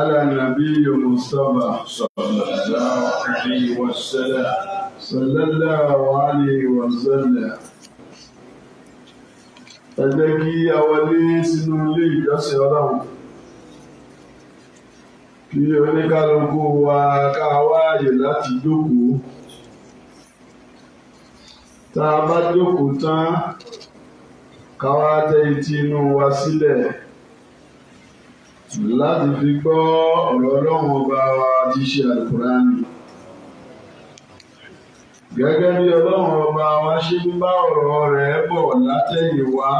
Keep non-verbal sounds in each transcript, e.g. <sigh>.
على نبي مصطفى صلى الله عليه وسلم صلى الله عليه وسلم ẹ jẹ́ kí a wọlé sínú ilé ìjọsìn ọlọ́run kí oníkálukú wa ká wáàyè láti jókòó tá a bá jókòó tán ká wá tẹ́ etí inú wa sílẹ̀. Si láti fi gbọ́ ọ̀rọ̀ ọlọ́run ọba wa ti ṣe àlùkùránì. Gẹ́gẹ́ bí ọlọ́run ọba wa ṣe ń bá ọ̀rọ̀ rẹ̀ bọ̀ látẹ̀yìn wá.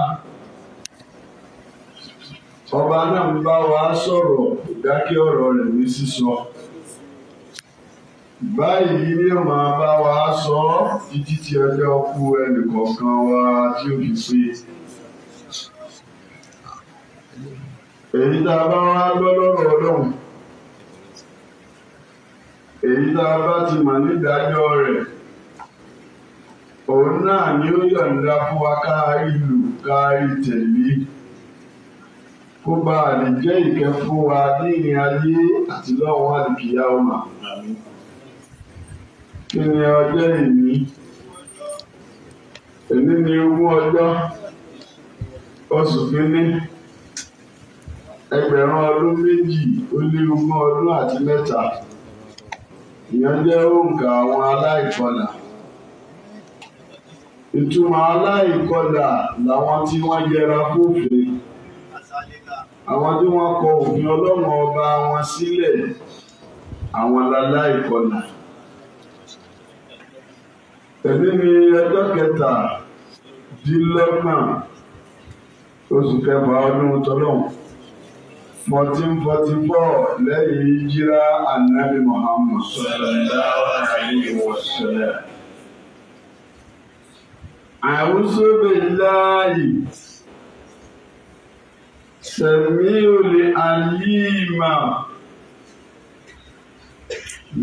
Ọba náà ń bá wa sọ̀rọ̀ kò dákẹ́ ọ̀rọ̀ rẹ̀ ní sísọ. Báyìí ni ó máa bá wa sọ títí tí ọjọ́ kú ẹnìkọ̀ọ̀kan wa tí ó fi pé. èyí tá a bá wá gbọ́ ọlọ́run èyí tá a bá ti mọ̀ nídàájọ́ rẹ̀ òun náà ni ó yọ̀ǹda fún wa káàrí ìlú káàrí tẹ̀lé kó bá a lè jẹ́ ìkẹ́ fún wa ní ìrìn ayé àti lọ́wọ́ àdìkìyà ọmọ. ni ọjọ́ ni ogún ọjọ́ oṣù kínní. ẹgbẹ̀rún ọdún méjì ó lé ogún ọdún àti mẹ́ta ìyẹn jẹ́ òǹkà àwọn aláìkọlà ìtumọ̀ aláìkọlà làwọn tí wọ́n yẹra fófin àwọn tí wọ́n kọ òfin ọlọ́run ọba wọn sílẹ̀ àwọn aláìkọlà èmi ni ọjọ́ kẹta dín lọ́gbọ̀n oṣù kẹfà ọdún tọ́lọ́hún fourteen forty four lẹ́yìn jíra anabi muhammad sallallahu alayhi wa sallam. A'udhu billahi sami'ul alim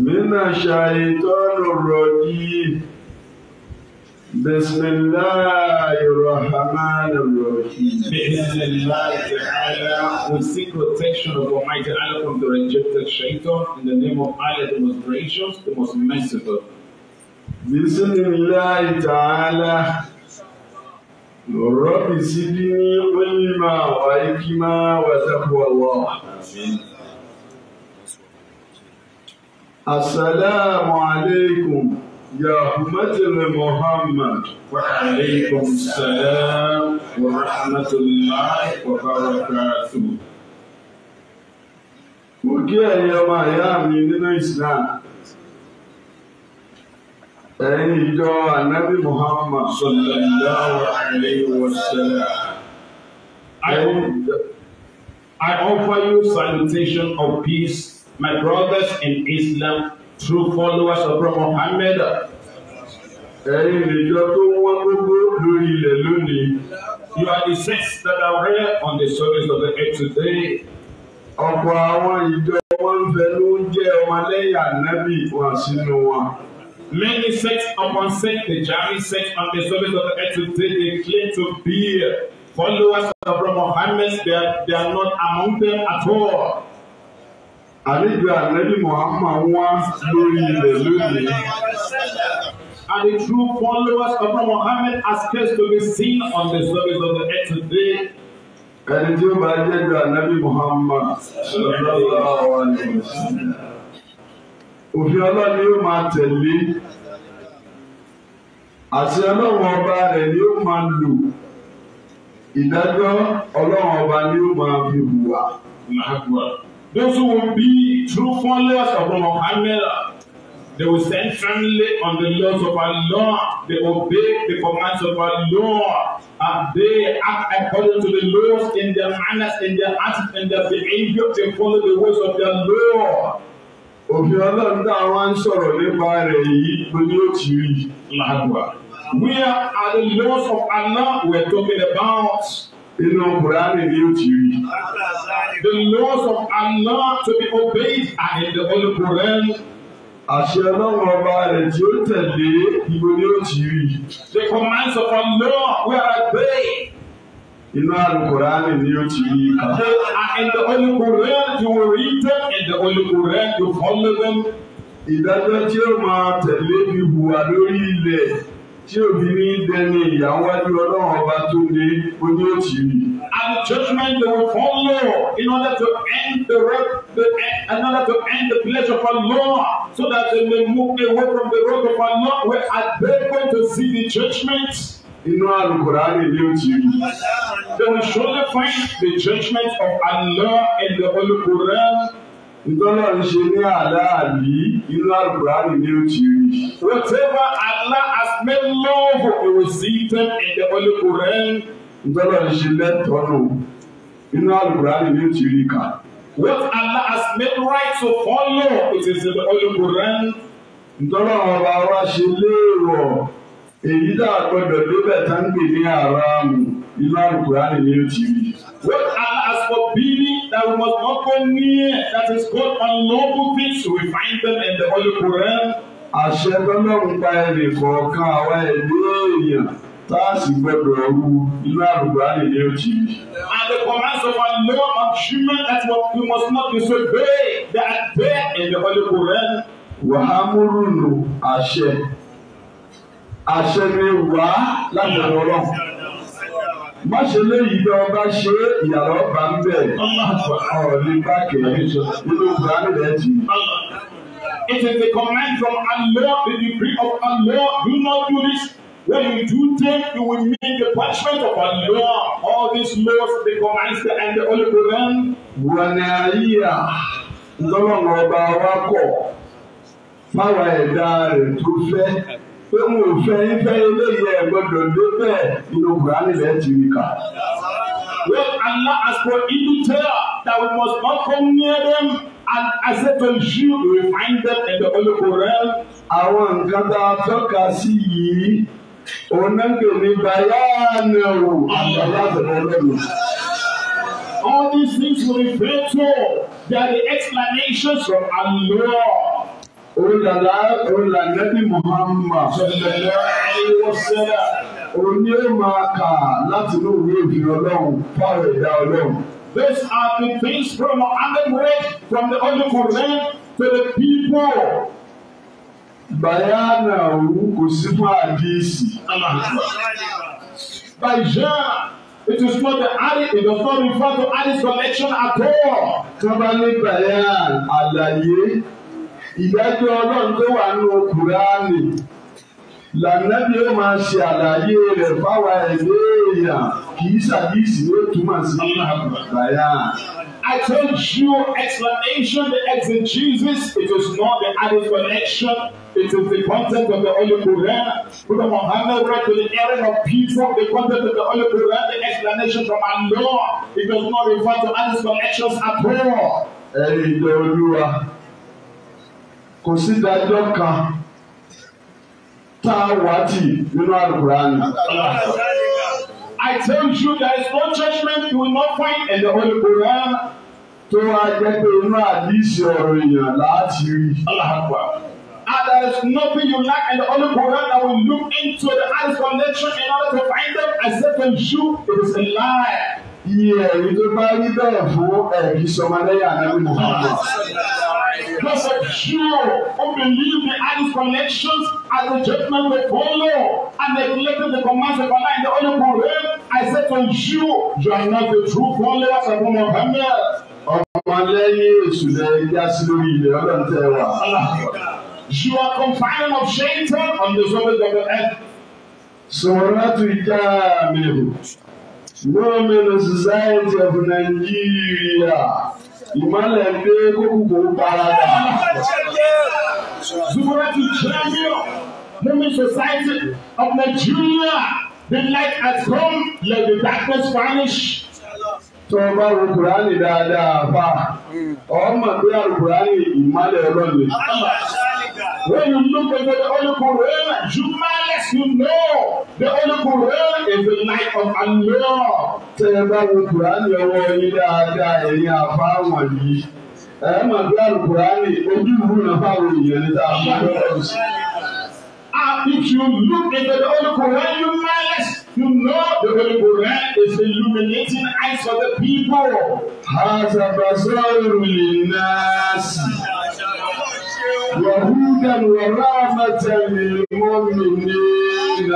minash shaitanir rajim. بسم الله الرحمن الرحيم بإذن الله تعالى we seek protection of Almighty Allah from the rejected shaitan in the name of Allah the most gracious the most merciful بسم الله تعالى رب سيدني قلما وحكما وتقوى الله آمين السلام عليكم يا أمة محمد وعليكم السلام ورحمة الله وبركاته mo kí ẹ̀yin ọmọ ìyá mi nínú Islam ẹ̀yin ìjọ anabi Muhammad sallallahu alayhi wa I offer you salutation of peace, my brothers in Islam true followers of Muhammad ẹ̀yin ìjọ tó wọ́n gbogbo lórí ilẹ̀ lónìí you are the saints that are here on the service of the earth today ọ̀pọ̀ àwọn ìjọ wọn bẹ ló ń jẹ́ ọmọlẹ́yìn ànábì wọn sínú wọn. Many sects upon sects, the Jami sect on the service of the earth today, they claim to be followers of Muhammad, they are, they are not among them at all àlejò àrẹ́bí Muhammad wá lórí ilẹ̀ lónìí. And the true followers of Muhammad aspires to be seen on the surface of the earth today. Ẹni tí ó bá jẹ́ ju ànábì Muhammad sallallahu alaihi wasallam. Òfin ọlọ́run ni yóò máa tẹ̀lé. Àṣẹ ọlọ́run ọba rẹ̀ ni yóò máa lò. Ìdájọ́ ọlọ́run ọba ni yóò máa fi hùwà. Màá hùwà. Those who will be true followers of Muhammad, they will stand firmly on the laws of Allah. They obey the commands of Allah. And they act according to the laws in their manners, in their attitude, in their behavior. They follow the ways of their Lord. Òfin ọlọ́run tá a wá ń sọ̀rọ̀ nípa rẹ̀ yìí ló ní òtí rí làgbà. Where are the laws of Allah we are talking about? inú Kùránì ni ó ti rí. The laws of Allah to be obeyed are in the Holy Quran. Àṣẹ ọlọ́run ọba rẹ̀ tí ó tẹ̀lé ibo ni ó ti rí. The commands of Allah we are obeyed. Inú Al-Qur'ani ni ó ti rí ká. And in the Holy Quran you will read them in the Holy Quran you follow them. Ìdájọ́ tí ó máa tẹ̀lé fi hùwà lórí ilẹ̀ tí obìnrin dẹni ìyàwájú ọlọ́run ọba tó lé oní òtí rí. and judgment they will follow in order to end the road in order to end the place of Allah so that they may move away from the road of Allah where are they to see the judgment. Inú Al-Qur'an ni ó rí. They will surely find the judgment of Allah in the Holy Quran. Ìtọ́lọ̀ ń ṣe ní àláàlì inú àlùkùránì ní òtí rí. Whatever Allah has made law for a receited in ń ṣe lẹ́tọ̀ọ̀nù inú àlùkùránì ní òtí rí kà. What Allah has made right to follow it is in the Holy Quran. Ìtọ́lọ̀ ọba wa ṣe léèrò èyí dàgbọ́dọ̀ débẹ̀ tá ń gbè ní àràmù inú àlùkùránì ní òtí rí. When Allah has forbidden that we must not go near, that is called unlawful things, we find them in the Holy Quran. Àṣẹ tọ́lọ́run pa ẹnì kọ̀ọ̀kan àwa ẹ̀mí èèyàn tá a sì inú àrùbá nílé òjì. And the commands of our Lord of human that we must not disobey they are there in the Holy Quran. Wàhámúrùnù àṣẹ àṣẹ ni wàá látọ̀dọ̀ Ọlọ́run má ṣe léyìí bẹ ọba ṣe ìyàrá ọba ń bẹ ọ̀rọ̀ ní báàkì nínú kùránì rẹ ti. It is a command from Allah, the decree of Allah. Do not do this. When you do take, you will meet the punishment of Allah. All these laws, the commands, and the Holy Quran. Wànàyíyà lọ́wọ́ ọba wa kọ̀ fáwọn ẹ̀dá rẹ̀ tó fẹ́ pé n ò fẹ́ ifẹ́ eléyìí ẹ̀ gbọ́dọ̀ dé bẹ́ẹ̀ nínú kùránì ti rí kà. When Allah has prohibited that we must not come near them and accept them should we find them in the Holy Quran. Àwọn nǹkan tá a tọ́ka sí yìí, òun náà kò ní bayáàni o, àgbàlá bẹ̀rẹ̀ lẹ́nu. All these things we refer to, they are the explanations from Allah olùdàlá olùdàlẹ́bí Muhammad sọlẹ̀lẹ́ ayéwọ́sẹ́lá oní ó máa kà láti lóòwé ìdìrọ̀ fáwọn ẹ̀dá ọlọ́run. These are the things from Muhammad read from the Holy Quran to the people. Bàyánà òun kò sí fún àdìsí. Bàyánà. It is not the Ali it does not refer to hadith collection at all. Tọ́ba ní Bàyán àlàyé ìdájọ́ ọlọ́run tó wà nínú kùránì lànàbí ó máa ṣe àlàyé rẹ̀ fáwa ẹ̀dẹ́ èèyàn kìí ṣàkíyèsí ó túmọ̀ sí àbùkàyà. I told you explanation the exegesis it is not the added connection it is the content of the Holy Quran Prophet Muhammad read to the hearing of people the content of the Holy Quran the explanation from Allah it does not refer to added connections at all kò sí dájọ́ kan tá a wá tì nínú àlùkùránì. I tell you there is no judgment you will not find in the Holy Quran. Tó wá jẹ́ pé inú àdìsí ọ̀rọ̀ èèyàn láti rí. And there is nothing you lack in the Holy Quran that will look into the eyes connection in order to find them except in you it is a lie. Yí ẹ̀rí tó bá rí bẹ́ẹ̀ fún ẹ̀rí sọmọlẹ́yà náà ní Muhammad. Those are pure who believe the hand connections and the judgment they follow and neglected the commands of Allah in the only Quran. I said to you, you are not the true followers of Muhammad. Ọmọlẹ́yìn èṣù lẹ́yìn dá sí lórí ilẹ̀ ọlọ́run tẹ́ wà. You are confined of Satan on the surface of the earth. Sọ̀rọ̀ láti ìjà mi rò. Gómìnà Society of Nigeria ìmọ̀lẹ̀ dé kókòkò parada. Zukurati champion Gómìnà Society of Nigeria Be like has come like the darkness vanish. Tó o bá wo Kùránì dáadáa bá ọmọ pé àrùkùránì ìmọ̀lẹ̀ ọlọ́ọ̀lẹ̀. When you look at the Holy Quran, Juma you know the only Quran is the light of Allah. Tẹ́ ẹ bá wo Kùránì ọwọ́ yín dáadáa ẹ̀yin àfa wọ̀nyí. Ẹ máa bí Àlùkùránì ojú ìlú náà fáwọn èèyàn níta àbúrò sí. And ah, if you look into the Holy Quran, you realize you know the Holy Quran is illuminating eyes of the people. وهودا ورحمة للمؤمنين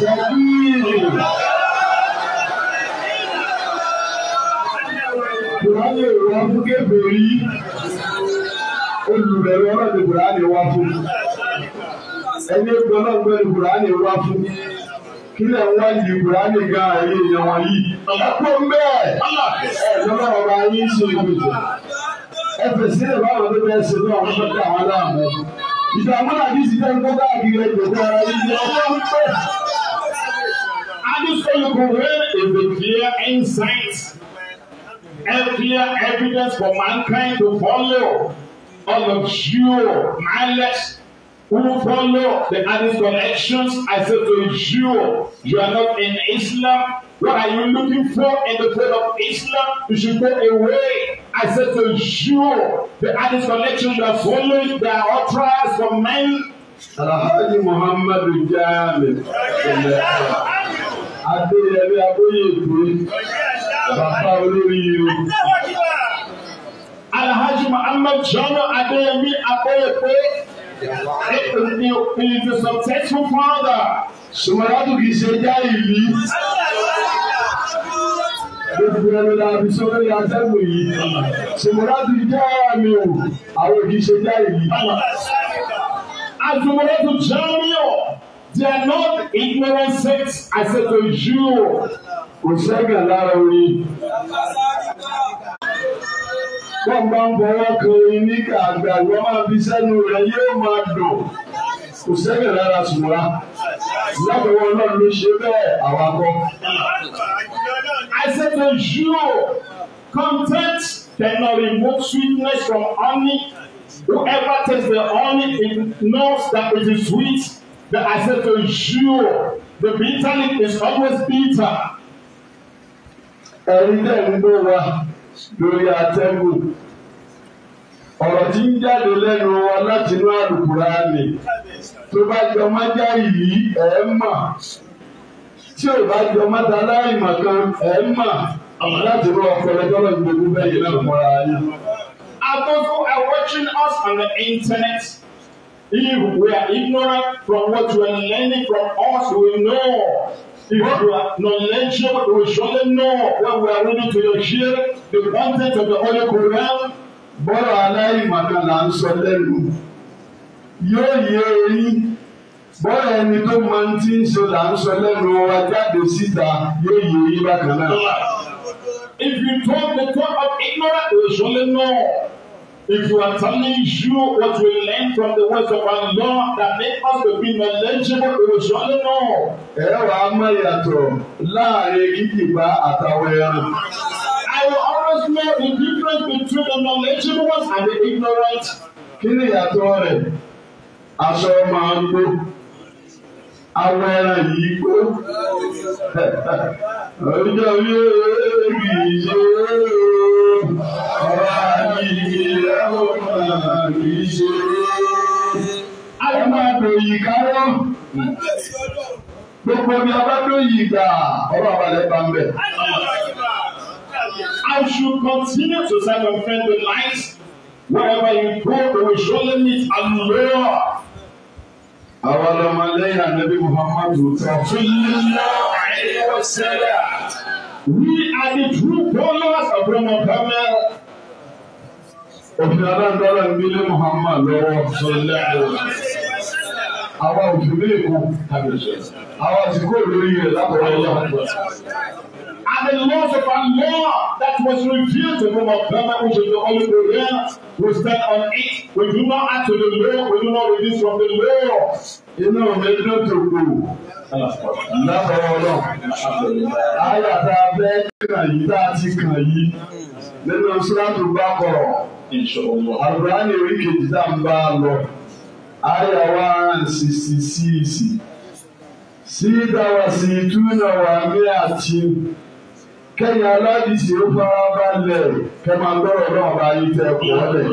سبيل Kùránì wá fún kébèrí olùbẹ̀rù ọlọ́dún Kùránì wá fún ẹni gbọ́lọ́gbọ́ ní Kùránì wá fún kí lè wá ìdí Kùránì ga àárín èèyàn wọ̀nyí. Ọ̀pọ̀ ń bẹ́ẹ̀ ẹ̀ lọ́wọ́ ọba yín ṣe ìgbìmọ̀ ẹ fèsì lè bá àwọn ẹgbẹ́ ṣe lọ àwọn ọmọdé àwọn aláàmọ́. ìdààmú náà bí ìsìnkú ẹgbẹ́ káàkiri rẹ̀ kò tẹ́ ara ìdí ọgbẹ́ ń pẹ́. Adúsọ́lùkù where is the clear insight and clear evidence for mankind to follow all of you knowledge who follow the other connections? I said to you, you are not in Islam. What are you looking for in the faith of Islam? You should go away. I said to you, the other connections you are following, they are all trials for men. Alhaji Muhammadu Jami. Adéyẹlé Abóyèkú. Bàbá olórí o. Alhaji Muhammadu Jami Adéyẹmí Abóyèkú. He is a successful father. Sùmọ́látù kì í ṣe jáìlì. Gbogbo ẹni la fi sọ lórí atẹ́gùn yìí. Sùmọ́látù jẹ́ àmì o, àwọn kì í ṣe jáìlì. Asùmọ́látù jẹ́ àmì o. They are not ignorant sects as a to you. Kò sẹ́gà lára orin wọ́n bá ń bọ̀wọ́ kan orin nígbà àgbàgbọ́ máa fi sẹ́nu rẹ̀ yóò máa dùn kò sẹ́yìn rárá ṣùgbọ́n lọ́dọ̀wọ́ náà ló ṣe bẹ́ẹ̀ àwa kọ́. I said to you, content cannot remove sweetness from honey. Whoever tastes the honey, it knows that it is sweet. But I said to you, the bitter is always bitter. Ẹ̀rí dẹ̀ ń gbó wa lórí atẹ́gùn ọ̀rọ̀ tí ń jáde lẹ́nu wa láti inú àlùkùránì tó bá jọ má já yìí ẹ̀ mà tí ò bá jọ má ta láìmọ̀ kan ẹ̀ mà láti rọ ọpọlọ tọ́lọ̀ gbogbo bẹ́ẹ̀ yìí náà mọ́ra yín. And those who are watching us on the internet, if we are ignorant from what we are learning from us, we know If you are knowledgeable, you will we are ready to hear the content of the Holy Quran. Bọ́lá aláìmọ̀ká là ń sọ lẹ́nu. Yóò yé eyín. Bọ́lá ẹni tó máa ń ti ń sọ là lẹ́nu wa jáde síta yóò yé eyín bákan náà. If you talk the talk of ignorance, you will surely know. If you are telling you what we learn from the words of our Lord that make us to be knowledgeable, we will surely know. Ẹ wàá mọ ìyàtọ̀ láàrin kíkìbá àtàwọn ẹran. I will always know the difference between the knowledgeable ones and the ignorant. Kí ni ìyàtọ̀ rẹ̀? Aṣọ máa ń gbó. Àwọn ẹran yìí gbó. <laughs> Ọjọ́ yóò rí ìṣòro. Gbogbo ni a bá dòyìn gbà ọ̀rọ̀ àbálẹ̀ bá ń bẹ̀. I should continue to serve and friend the light wherever you go we will surely meet Allah. Àwọn ọmọ lẹ́yìn ànábì Muhammadu tó. Tùlùlọ́ àìlẹ́wọ̀sẹ̀lẹ̀. We are the true followers of Muhammad. Òfin Adáńdọ́lá ń gbélé Muhammad lọ́wọ́ sọ́lá ẹ̀wọ̀n àwa òjò lé èkó àwa ti kó ìlórí rẹ̀ látọ̀wọ́ ẹ̀yà. And the laws of our law that was revealed to whom of Brahma, which is the Holy Quran, we stand on it. We do not add to the law, we do not release from the law. Inú mi dùn tó kù. Lábọ̀ I have àti abẹ́ kàn yìí tá a ti kàn yìí nínú Sùràtù Bákọ̀rọ̀. Àlùbáyé orí kejì tá a ń bá a lọ aya one sixty six síta wà sí túnà wà mí àti kẹ́yìn aládìsí ó fara balẹ̀ kẹ́ máa gbọ́rọ̀ náà bá yí tẹ́ kọ́ lẹ̀.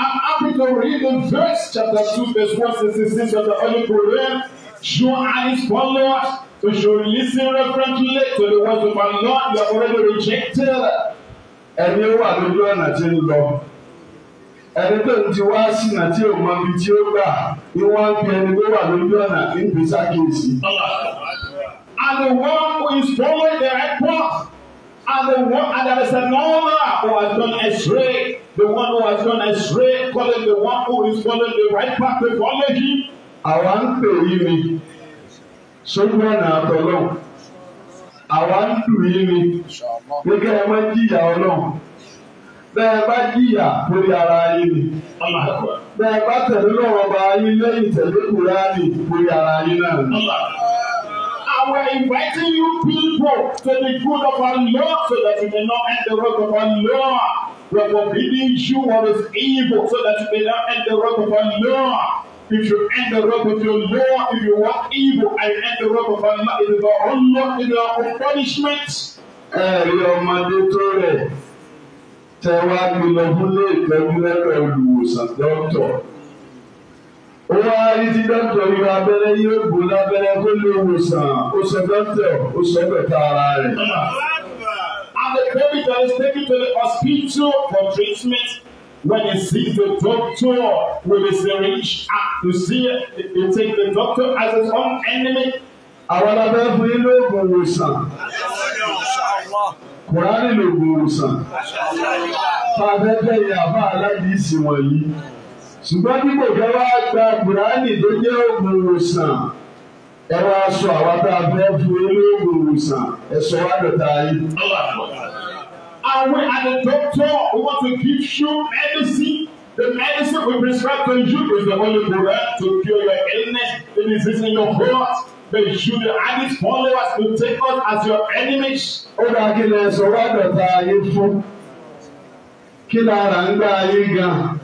I'm happy to read in verse chapter two verse one sixty six of the Holy Quran. Show eyes follow us, so show listen reverently to the words of our Lord. You have already rejected. Ẹni wà lójú ọ̀nà tí ń lọ ẹni tó ń ti wá sínà tí ò mọ ibi tí ó gbà ni wọ́n fi ẹni tó wà lójú ọ̀nà ní ìgbésà And the one who is following the right path and the one and there is another who has gone astray the one who has gone astray calling the one who is following the right path to follow him. àwa ń pè yí mi sójú ọ̀nà àtọ̀lọ́ àwa ń pè yí mi gbẹgẹ́ ẹ máa ń jìyà ọlọ́run bẹ́ẹ̀ bá jìyà lórí ara yín ni bẹ́ẹ̀ tẹ̀lé lọ́wọ́ bá yín lẹ́yìn tẹ̀lé kùránì lórí ara yín náà ni. We're inviting you people to the good of our Lord so that you may not end the road of our Lord. are forbidding you what is evil so that you may not end the road of our Lord. If you end the road of your Lord, if you walk evil and end the road of our Lord, it is our own Lord, it is our own punishment. Ẹ̀rí ọmọdé tó tẹ wá gbé lọ fún lé ìtọ́jú dọ́tọ̀. ó wá rí dọ́tọ̀ yọ abẹ́rẹ́ yóò bò lábẹ́rẹ́ kó lè wòsàn ó sọ dọ́tọ̀ ó sọ bẹ̀tà ara rẹ̀. And the baby is taken to the hospital for treatment when he sees the doctor with a syringe and to see he takes the doctor as his own enemy. àwọn abẹ́ fún ilé ògùn wòsàn kùránì ló gbòòsàn tá a fẹ́ bẹ̀yẹ àbá aládìsí wọ̀nyí ṣùgbọ́n bí kò fẹ́ wá gba kùránì tó jẹ́ ògbòòsàn ẹ wá sọ àwa tá a fẹ́ fún ilé ògbòòsàn ẹ sọ wá dọ̀tà yìí. And we are the doctor who want to give you medicine. The medicine we prescribe to you is the Holy Quran to cure your illness, the disease in your heart. But you the and his followers to take us as your enemies. Ó dá kí lè sọ wá dọ̀tá ayé fún. Kí lára ń gbá ayé gan.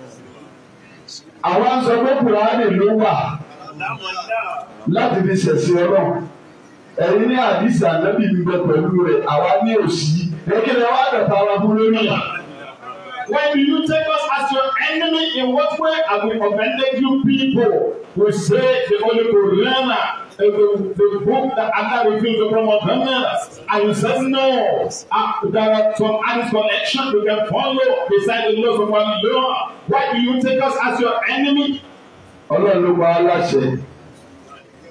Àwa ń sọ pé Kùránì ló wà láti fi ṣẹ̀sìn Ọlọ́run. Ẹ̀yin ní àdìsí ànábì ń bẹ pẹ̀lú rẹ̀, àwa ní òsì. Ekele wá dọ̀tá wa fún lórí. When you take us as your enemy, in what way have we offended you people? We say the Holy Quran if the, the book that Allah refused to promote Muhammad, and you said no, uh, there are some honest connection you can follow beside the laws of one law. Why do you take us as your enemy? Ọlọ́run ló pa aláṣẹ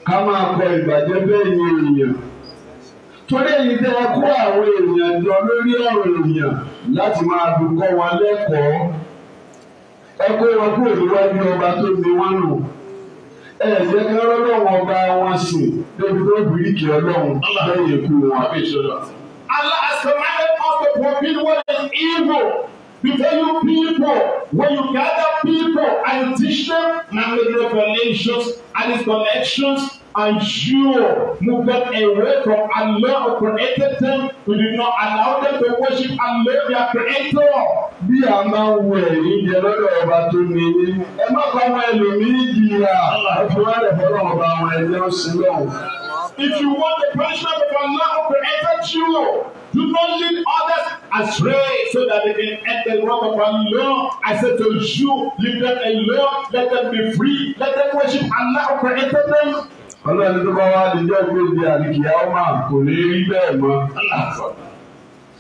ká máa kọ ìbàjẹ́ bẹ́ẹ̀ ni èèyàn torí èyí tẹ́ ẹ kó àwọn èèyàn jọ lórí ọ̀rọ̀ èèyàn láti máa dùn kọ́ wọn lẹ́kọ̀ọ́ ẹ kó wọn kúrò níwájú ọba tó ní wọn nù ẹ̀jẹ̀ kí ọlọ́run ọba wọn sìn débi tó bìrìkì ọlọ́run lẹ́yìn ikú wọn. Allah has commanded us to forbid what is evil. Before you people, when you gather people and teach them, and make revelations and its connections and you moved them away from Allah who created them. We did not allow them to worship Allah, their creator. Bí a máa ń wẹ̀ ìjẹ lọ́dọ̀ ọba tó ní ní, ẹ má bá wọn ẹlòmíì jìyà, ẹ fi wá lẹ̀ fọ́lọ́ ọba àwọn ẹ̀yẹ òsì náà. If you want the punishment of Allah who created you, do not lead others astray so that they can enter the wrath of Allah. I said to you, leave them alone, let them be free, let them worship Allah who created them ọlọ́ni tó bá wá níjọ́ gbèdé àlìkìyàwó kò ní rí bẹ́ẹ̀ mọ́.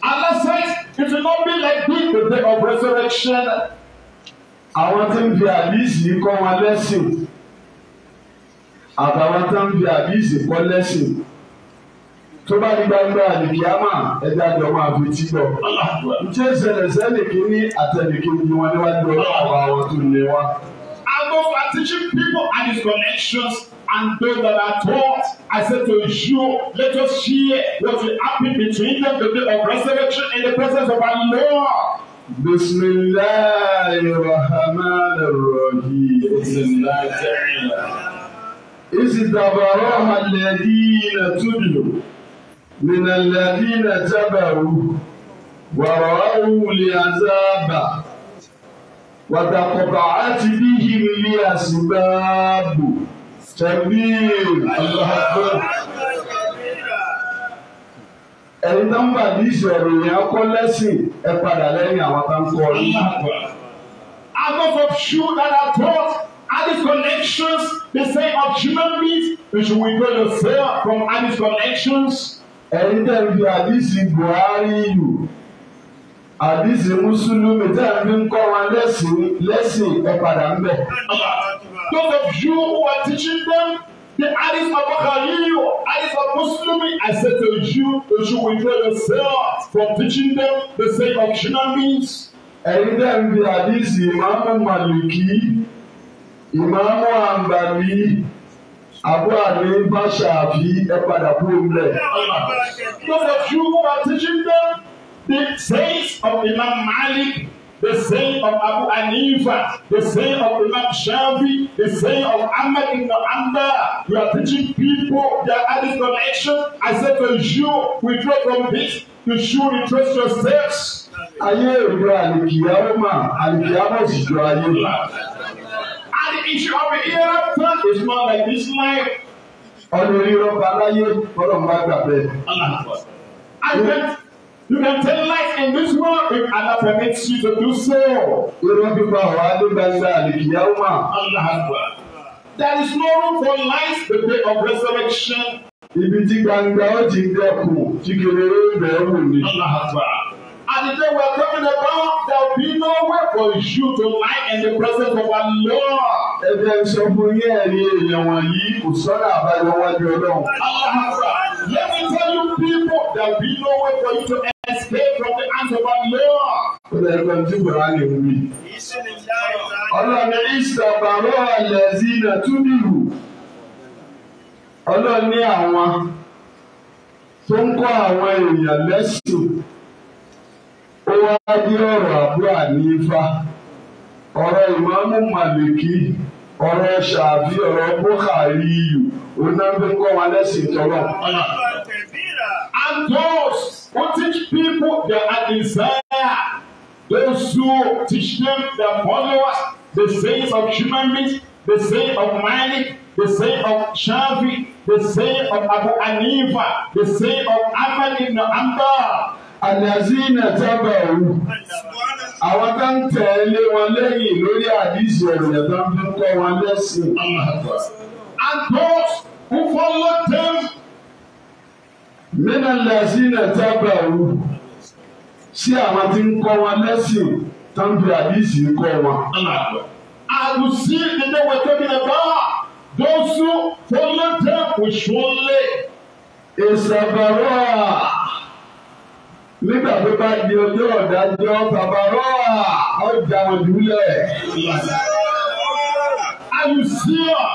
Allah says it will not be like this the day of resurrection. àwọn tí ń fi àbíìsì kọ́ wọn lẹ́sìn àtàwọn tí ń fi àbíìsì kọ́ lẹ́sìn tó bá ní gbangba àlìkìyàmà ẹja jọ máa fi tí lọ. njẹ́ ìṣẹ̀lẹ̀ sẹ́lẹ̀ kìíní àtẹnìkìíní ni wọ́n níwájú ọlọ́wọ́ àwọn tó lé wa. I go for teaching people and his connections and those that are taught. I said to you, let us share what will happen between them the day of resurrection in the presence of our Lord. بسم الله الرحمن الرحيم بسم الله تعالى إذ تبرأ الذين تبعوا من الذين تبعوا ورأوا العذاب وتقطعت بهم الأسباب tẹ̀gbìn aláàbò. ẹ̀yin tó ń bà ní ìṣòro yẹn kọ́ lẹ́sìn ẹ padà lẹ́yìn àwọn tó ń kọ́ ọ ní àgbà. Others of you that are taught Alice connections they say of human beings you should withdraw yourself from Alice connections. ẹ̀yin tẹ̀ ń fi àdìsí Buhari yù àdìsí mùsùlùmí tẹ̀ ń fi ń kọ́ wọn lẹ́sìn lẹ́sìn ẹ padà ń bẹ̀ those of you who are teaching them, the Hadith of Bukhari or Hadith of Muslim, I said to you you will get yourself from teaching them the same of Means beings. Ẹ̀yin dẹ̀ ń bi àdísì ìmáàmù Màlìkì, ìmáàmù Àǹbàní, àbúrò àní Báṣàfi ẹ padà kúrò nílẹ̀. Those of you who are teaching them the sayings of Imam Malik the saying of Abu Hanifa, the saying of Imam Shafi, the saying of Ahmad ibn Hanbal. You are teaching people their added connection. I said to you, we withdraw from this. You should retrace yourselves. Ayé ìlú àlùkìyàwó mà, àlùkìyàwó sì jọ ayé là. And the issue of the hereafter is not like this life. Ọ̀nà ìrọ̀bà láyé, ọlọ́run bá gbà bẹ́ẹ̀. I bet You can tell lies in this world if Allah permits you to do so. Irọ́ pípa ọ̀rọ̀ Adégbàgbà àlèkìyà ó mà. Allah Akbar. There is no room for lies the day of resurrection. Ibi tí gbangba ó ti dẹ́kun, tí kéré ó bẹ̀rù ni. Allah Akbar. And the day we're talking about, there will be no way for you to lie in the presence of our Lord. Ẹgbẹ́ sọ fún ẹ̀rí èèyàn wọ̀nyí kò sọ́dọ̀ àbáyọ wájú Ọlọ́run. Aláhàbà, let me tell you people, there will be no way for you to escape from the hands of our Lord. Ó lè gbọ́n tí Bùrá lè wí. Ọlọ́run ìṣàbàrọ̀ àlẹ́sí náà tún nìlú. Ọlọ́run ní àwọn tó ń kọ́ àwọn èèyàn lẹ́sìn ó wá dé ọ̀rọ̀ àbúrò ànífà ọ̀rọ̀ ìmáàmù màlìkí ọ̀rọ̀ ṣàbí ọ̀rọ̀ bókàrí iyù onágbẹ́kọ̀ wọn lẹ́sìn tọ́lọ̀. And those who teach people their desire, those who teach them their followers, the sayings of human beings, the saying of Malik, the saying of Shafi, the saying of Abu Hanifa, the saying of Ahmad ibn Hanbal àdàzínà tábàrù àwọn tó ń tẹ̀lé wọn lẹ́yìn lórí àdìsí ẹ̀rọ tó ń fi kọ́ wọn lẹ́sìn. And those who follow them nínú àdàzínà tábàrù sí àwọn tí ń kọ́ wọn lẹ́sìn tó ń fi àdìsí kọ́ wọn. I will see the day we're talking about. Those who follow them will surely. Ìsàbàrọ̀ nígbà tó bá di ọjọ́ ọ̀dájọ́ bàbárọ́ ọjà òdúlẹ̀. Are you sure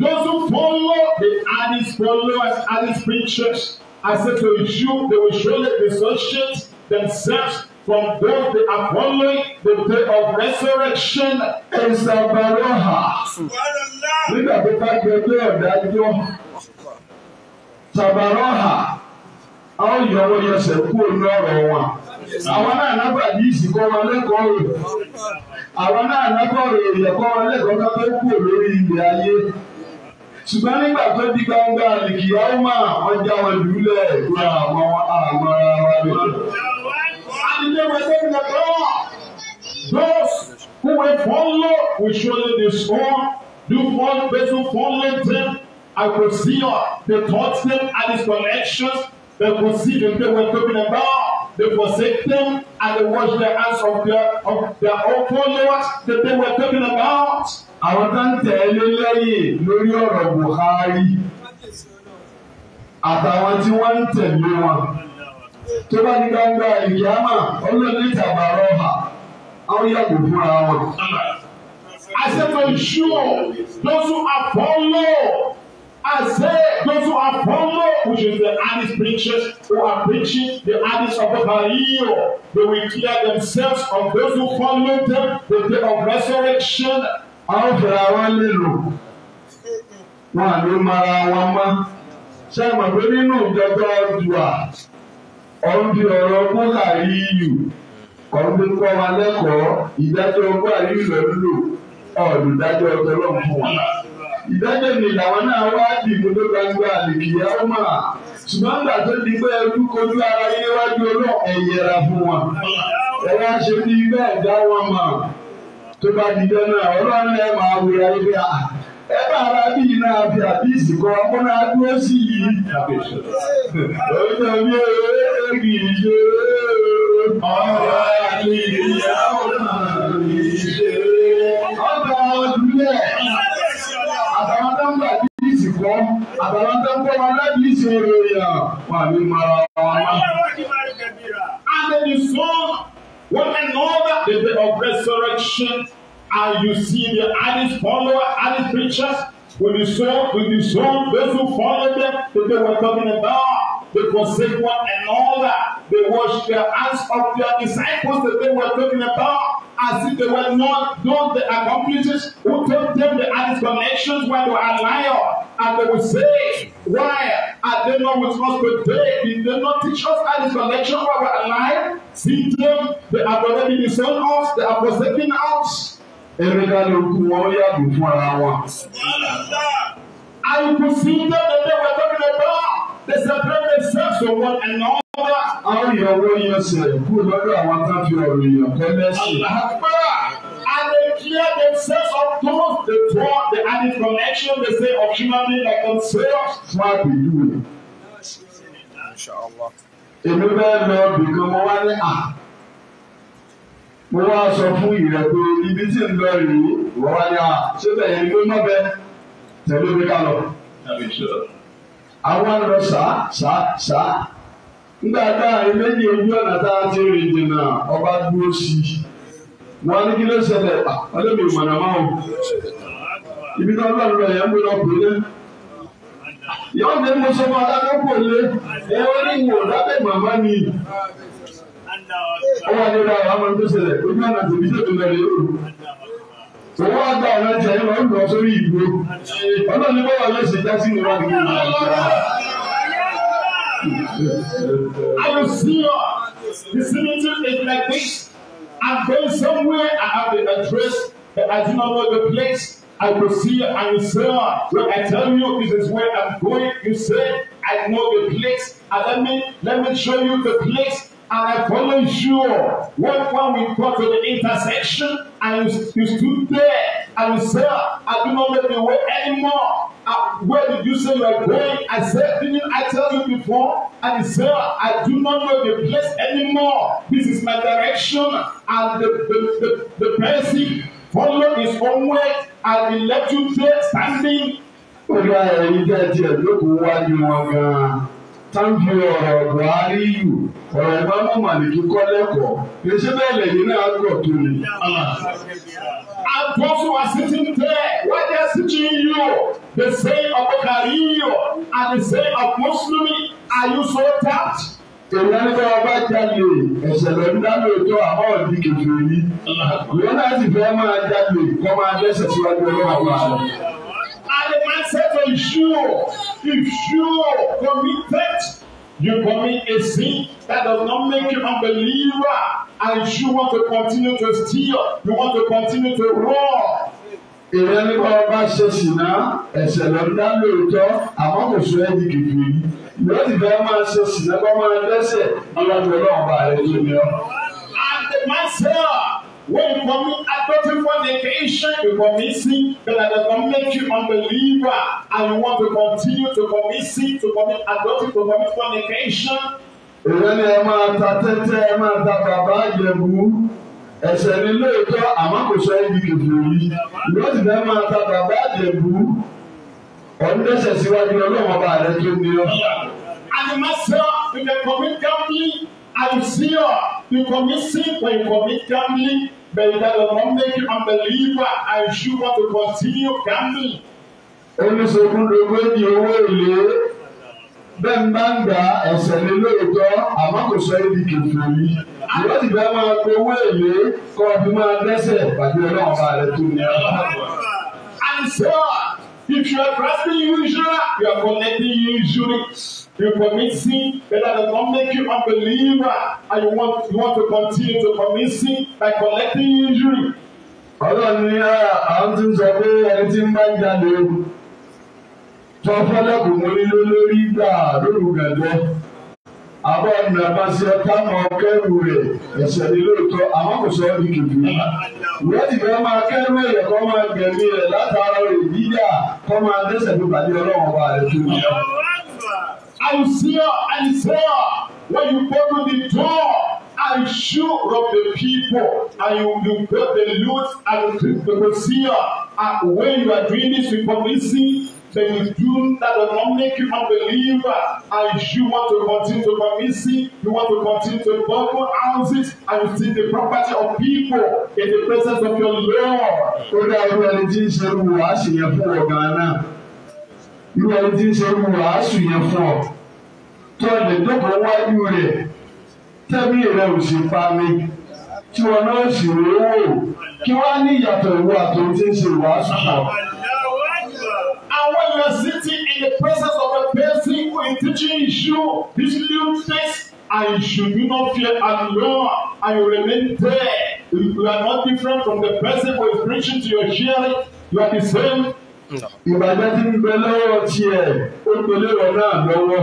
Those who follow the Addis followers, Addis preachers, I said to you, they will surely dissociate themselves from those they are following the day of resurrection is abaroha. Nígbà tó bá di that you Sabaroha a ó yọ owó yẹsẹ̀ kúrò ní ọ̀rọ̀ wọn àwọn náà nágbà yìí sì wọn lẹ́kọ̀ọ́ rẹ̀ àwọn náà nágbà rẹ̀ yẹ wọn lẹ́kọ̀ọ́ ká tó kúrò lórí ilẹ̀ ayé ṣùgbọ́n nígbà tó di gbangba àlìkìyà ó mà wọ́n já wọn lùlẹ̀ kúrò àwọn àwọn ara wa rẹ̀. Those who will follow will surely destroy. Do fall, person fall them. I will see your the thoughts them and his connections They could see the people were talking about. They forsake them and they wash their hands of their of their own followers that they were talking about. Àwọn tó ń tẹ̀lé lẹ́yìn lórí ọ̀rọ̀ Buhari àtàwọn tí wọ́n ń tẹ̀lé wọn. Tó bá ní gbangba ìyáàmà olóòní tàbárọ̀ ọ̀hà, àwọn yàgò fúnra wọn. I said for sure, those who follow as they, those who are follow, which is the honest preachers, who are preaching the honest of the they will clear themselves of those who follow them the day of resurrection. Àwọn fẹ̀rẹ̀ àwọn nílò, wọn à ní mara wọn mọ́. Ṣé àmọ̀ pé nínú ìjọba ọdùà, ọ̀hún di ọ̀rọ̀ kúkà yíyù, ọ̀hún ti kọ́ wa lẹ́kọ̀ọ́, ìdájọ́ ọgbà yíyù rẹ̀ ń lò, ọ̀dùn dájọ́ ọjọ́ lọ́hùn fún wa ìdájọ́ ni làwọn náà wá dìbò ló gbangba àlèkìyà ọmọ ṣùgbọ́n gbà tó di pé ẹlú kojú ara yé wájú ọlọ́ ẹ̀yẹra fún wa ẹ wá ṣe ní bẹ́ẹ̀ dá wọn mọ̀ tó bá dìjọ́ náà ọlọ́run ẹ̀ máa wúra yé bí a ẹ bá ara bí iná àfi àbíìsì kọ ọkùnrin adúró sí yìí. ọjọ́ mi ò rí èkì yìí. ọ̀rọ̀ àlè ìyá ọ̀nà. àtàwọn tó ń kọ́ wọn láti ṣe rèéyà wà ní mara wọn má. And then you saw one another the day of resurrection and you see the early follower, early preachers, when you saw, when you saw those who followed them, that they were talking about, they forsake one another, they washed their hands of their disciples that they were talking about, as if they were not those the accomplices who told them the early connections when they were alive and they will say, Why are they not with us today? Did they not teach us at this connection while we're alive? See them, they have already disowned house; they are forsaken us. Ẹ̀rẹ́dàlẹ̀ okun wọn ó yàgò fún ara wọn. I could see them that they were talking about. They separate themselves from one another. Àwọn ìyàwó yẹn ṣe kúrò lọ́dọ̀ àwọn tá a fi ọ̀rọ̀ èèyàn tẹ́lẹ̀ sí and they clear themselves of those the poor, the and the connection they say of human being like themselves try to do. Èmi bẹ́ẹ̀ lọ bìkan mo wá ní à. Ah, mo wá sọ fún ìrẹ̀ pé ibi tí ń lọ rèé, wọ́n wá ní à. Ah, ṣé bẹ́ẹ̀ yẹn ló mọ̀ bẹ́ẹ̀? Tẹ̀lé mi ká lọ. Àwọn lọ sá sá sá. Nígbà táà ilé ní ojú ọ̀nà tá a ti rìn jìnnà, ọba dúró sí i wọn ní kí ló ṣẹlẹ̀ ọlọ́mì ìmọ̀nàmọ́ o ibi tí ọlọ́run rẹ̀ yẹn ń gbé lọ́kùn lé yọ̀ọ́ ní mo sọ fún adájọ́pọ̀ lé ẹ orí ìwò lábẹ́ màmá mi ó wà nílò àwọn tó ṣẹlẹ̀ ojú ọ̀nà tòbí ṣètò lẹ́rẹ̀ yóò owó àgbà ọ̀rẹ́ tí ẹ̀yẹ́ máa ń lọ sórí ìgbó ọlọ́run ní bọ́wọ́ lọ́sẹ̀ já sí ìrora nìyẹn. I will see you. The cemetery is like this. And then somewhere I have the address, but I do not know the place. I will see and say, ah, when I tell you this is where I'm going, you say, I know the place. And uh, let me let me show you the place And I follow you. What when we got to the intersection and you, you stood there and you said, I do not make the way anymore. Uh, where did you say you are going? I said, didn't I tell you before? And he said, I do not know the place anymore. This is my direction. And the, the, the, the person followed his own way and he left you there standing. Ó dá ẹ̀rí jẹ́ tiẹ̀ lókun wá ní táǹkì ọ̀rọ̀ buhari yù ọ̀rọ̀ ìbámu màlìkí kọ́ lẹ́kọ̀ọ́ èsì bẹ́ẹ̀ lẹ́yìn náà gbọ̀ tó ni. Those who are sitting there, why they are sitting you? The saying of Bukhariyo and the saying of Muslim, are you so tapped? touched? Ènìyàn bá ọba jáde ẹ̀ṣẹ̀lẹ̀ ńlá lóòótọ́ àmọ́ òdì kẹfìrì yìí. Ìwọ náà sì fẹ́ máa jáde kọ́ máa dẹ́sẹ̀ síwájú ọlọ́wọ́ àwọn àlọ́. And the man said to you, if you come You commit a sin that does not make you unbeliever, and you want to continue to steal, you want to continue to rob. Ìrẹ́ nípa ọba ṣe ṣìnà ẹ̀ṣẹ̀ lọ dá lóòótọ́ àmọ́ kò sọ ẹ́ di kìkì yìí. Lọ́sì fẹ́ máa ṣe ṣìnà kọ́ máa dẹ́sẹ̀ ọlọ́dún ọlọ́run bá rẹ̀ tó ní ọ. And the master. When come after fornication, you commit sin, but that does not make you unbeliever, and you want to continue to commit sin, to commit adultery, to commit fornication. Ìwé ni ẹ máa ta tẹ́tẹ́, ẹ máa ta bàbá àjẹ̀bú. Ẹ̀sẹ̀ ni lóòótọ́ àmọ́ kò sọ ibi kèfì yìí. Lọ́sì fẹ́ máa ta bàbá àjẹ̀bú. Ọdún tẹ̀sẹ̀ síwájú ọlọ́run ọba rẹ̀ tó ní ọ. Àdìmọ́sọ́ ìdẹ̀kọ̀mí gambling, àìsíọ̀ ìkọ̀mí sí ìkọ̀ ìkọ̀mí gambling. But that had a non-making unbeliever, I should want to continue gambling. Oníṣègùn lówó ni owó èlé. Bẹ́ẹ̀ máa ń gba ẹ̀sẹ̀ ní lóòótọ́, àmọ́ kò sọ ibi kìkì rí. Ìwé ti fẹ́ máa pe owó èlé kọ́ ọ fi máa dẹ́sẹ̀ pàdé ọlọ́run bá rẹ tó ní ọlọ́run. And so, if you are grasping usury, you are collecting usury. You commit sin, but that does not make you unbeliever, and you want you want to continue to commit sin by collecting injury. Ọlọ́run ní ah, àwọn tí ń sọ pé ẹni tí ń bá ń jalè o. Tọ́ fọ́lọ́kù mú ní lórí gbà lóru gàdọ́. Àbọ̀ ọ̀nà àbáṣe ọ̀tá máa kẹ́rù rẹ̀ ẹ̀ṣẹ̀ ní lóòótọ́ àmọ́ kò sọ ọ́ kìkì. Ìwé ti fẹ́ máa kẹ́rù ẹ̀yẹ̀ kọ́ máa gbẹ̀mí rẹ̀ látara rẹ̀ yíyà kọ́ máa dẹ́ṣẹ̀ tó bàjẹ́ ọlọ́run ọba rẹ̀ tó yẹ. I see, and saw when you open the door I shoot of the people and you you get the loot and the receiver and when you are doing this with permission then you do that will not make you unbeliever and you want to continue to permission you want to continue to borrow houses and you see the property of people in the presence of your Lord. ó dá irú ẹni tí ń ṣerú wàá ṣèyẹ fún irú ẹni tí ń sọ irú wàásù yẹn fún ọ tó ẹ̀dẹ̀ dọ́kọ̀ wájú rẹ̀ tẹ́bí rẹ̀ ò sì pa mi tí wọn náà sì rèé wò kí wọ́n á ní ìyàtọ̀ ìwọ àtọ̀ tí ń ṣe wàásù pọ̀. And when you are sitting in the presence of a person who is teaching you this new text, I should not fear and know, I remain there. You are not different from the person who is preaching to your hearing. You are the same ìbàjẹ́ tí ń bẹ lọ́wọ́ tiẹ̀ ó pẹ̀lú ìrọ̀ náà lọ́wọ́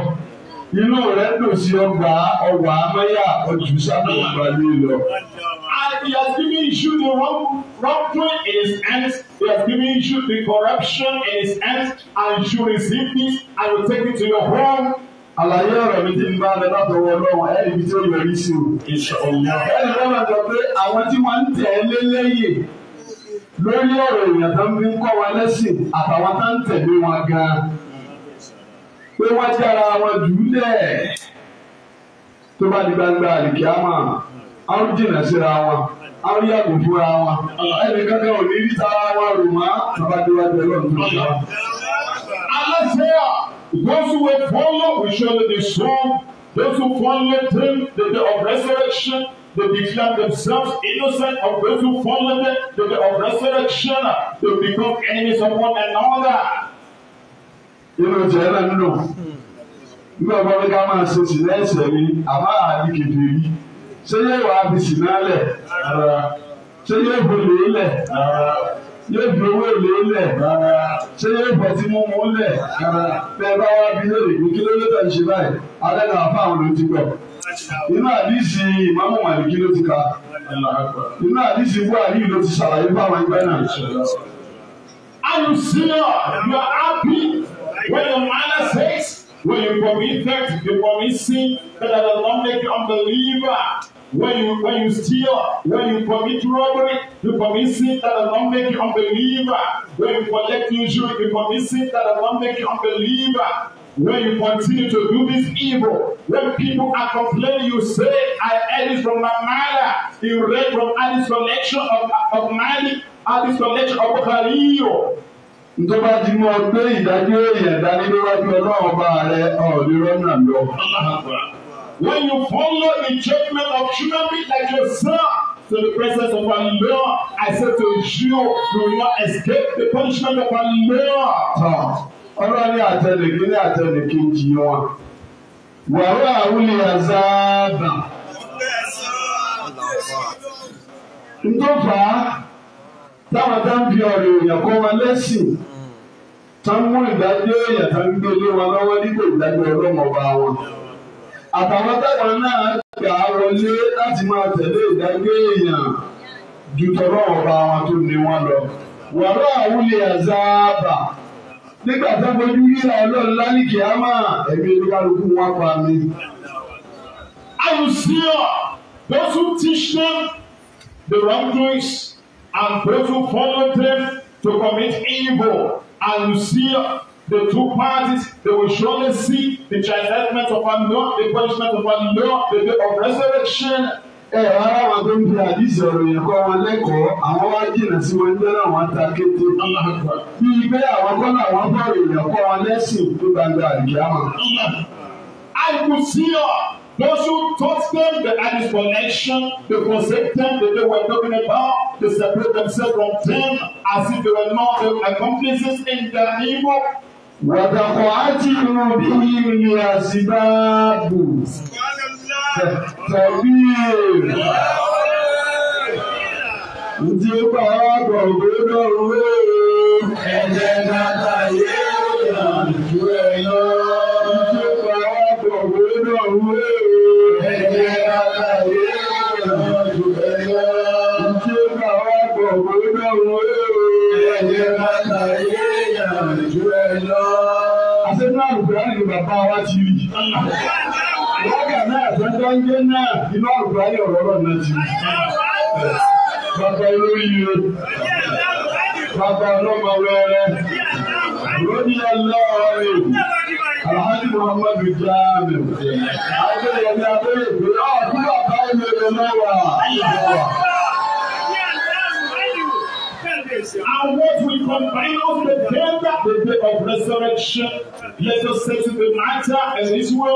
inú rẹ̀ dùn sí ọgbà ọwà amáyà ojú sábà ìbàlẹ̀ lọ. he has given issue the wrong wrong wrongdoing in his hands. He has given issue the corruption in his hands. And you receive this and will take it to your home. Àlàyé ọ̀rọ̀ mi ti ń bá mi látọwọ́ lọ́wọ́ ẹ̀rí mi tí ó yọrí sí o. Ẹ̀rí lọ́nà jọ pé àwọn tí wọ́n ń tẹ̀ ẹ́ lé lẹ́yìn lórí ọ̀rọ̀ èèyàn tó ń fi kọ́ wa lẹ́sìn àtàwọn tá ń tẹ̀lé wọn gan-an pé wọ́n jára wọn jù ú lẹ̀ tó bá di gbangba àlìkíámà àwọn jìnnà síra wọn àwọn yàgò fúnra wọn ẹnì kankan ò ní rí tara wọn rò mọ́ bàbá tí wọ́n jẹ aláṣẹ those who will follow we surely be strong those who follow till the day of resurrection. They declare themselves innocent of those who follow them to the of resurrection. They become enemies of one another. Inú ìjẹ́ náà nínú. Nígbà wo ni ká máa ṣe sí lẹ́sẹ̀ mi? Àmọ́ àdí kejì rí. Ṣé yóò wá fi sí náà lẹ̀? Rárá. Ṣé yóò fi lè lẹ̀? Rárá. Yóò fi owó èlé lẹ̀? Rárá. Ṣé yóò bọ̀ tí mo mú lẹ̀? Rárá. Bẹ́ẹ̀ bá wá bí lórí mi kí ló ló tẹ̀ ń ló ti gbọ̀ nínú àdìsí ìmáàmù màlìkí ló ti ka nínú àdìsí buhari ló ti ṣàlàyé báwọn ẹgbẹ́ náà. Are you serious? You are happy when your mother says, when you commit theft, you commit sin, that does not make you unbeliever. When you when you steal, when you commit robbery, you commit sin that does not make you unbeliever. When you collect usury, you commit sin that does not make you unbeliever. When you continue to do this evil, when people are complaining, you say, I heard it from my mother. You read from Ali's collection of, of Mali, Ali's collection of Khalil. Ntọ́ba ti mọ gbé ìdájọ́ èèyàn dání ọlọ́run ọba rẹ̀ ọ̀ọ́dúnrún náà lọ. When you follow the judgment of human beings like yourself to the presence of Allah, I say to you, you will not escape the punishment of Allah ọlọ́ni àtẹnìkí ní àtẹnìkejì wọn wàhálà àwùlé àzáàbà ntọ́fà táwọn dáńbì ọ̀rẹ́ èèyàn kọ́ wọn lẹ́sìn tán mú ìdájọ́ èèyàn tán gbé lé wọn lọ́wọ́ nígbà ìdájọ́ ọlọ́mọba wọn àtàwọn táwọn náà gbà á wọlé láti máa tẹ̀lé ìdájọ́ èèyàn ju tọ́lọ́mọba wọn tó ní wọn lọ wàhálà àwùlé àzáàbà nígbà tó fojú ríra ọlọ́run lálìkì àmà ẹ̀mí oníkálukú wọn pa mí. Àlùsíọ̀ those who teach them the wrongdoings and those who follow them to commit evil àlùsíọ̀. The two parties, they will surely see the chastisement of our Lord, the punishment of our Lord, the day of resurrection ẹ rárá wọn tó ń fi àdìsí ọ̀rọ̀ yẹn kọ́ wọn lẹ́kọ̀ọ́ àwọn wá jìnnà sí wọn jẹ́ láwọn ta kété bí ibẹ̀ àwọn kọ́ làwọn bọ̀rọ̀ yẹn kọ́ wọn lẹ́sìn tó gbangba àdìyàmọ̀. I could see her. Those who taught them the Addis connection, they forsake them that they were talking about, they separate themselves from them as if they were not their accomplices in their evil. Wàtàkùn àti ìrùn bíi ìrìn àṣìbáàbù. Kabir. Àṣẹ náà lùkùránì ni bàbá wa ti rí. Ìjọba ń gbé náà iná àgbà yẹ̀ ọ̀rọ̀ náà ti. Bàbá olóríire. Bàbá ọlọ́mọ wẹ́rẹ́. Lórí ọlọ́ọ̀rẹ́. Alhaji Muhammad Jami. Adéyẹ̀mí Adéyẹ̀mí ọ̀tún bàbá ìlú ẹ̀rọ náà And what we combine of the day the day of resurrection, let us say to the matter and his word.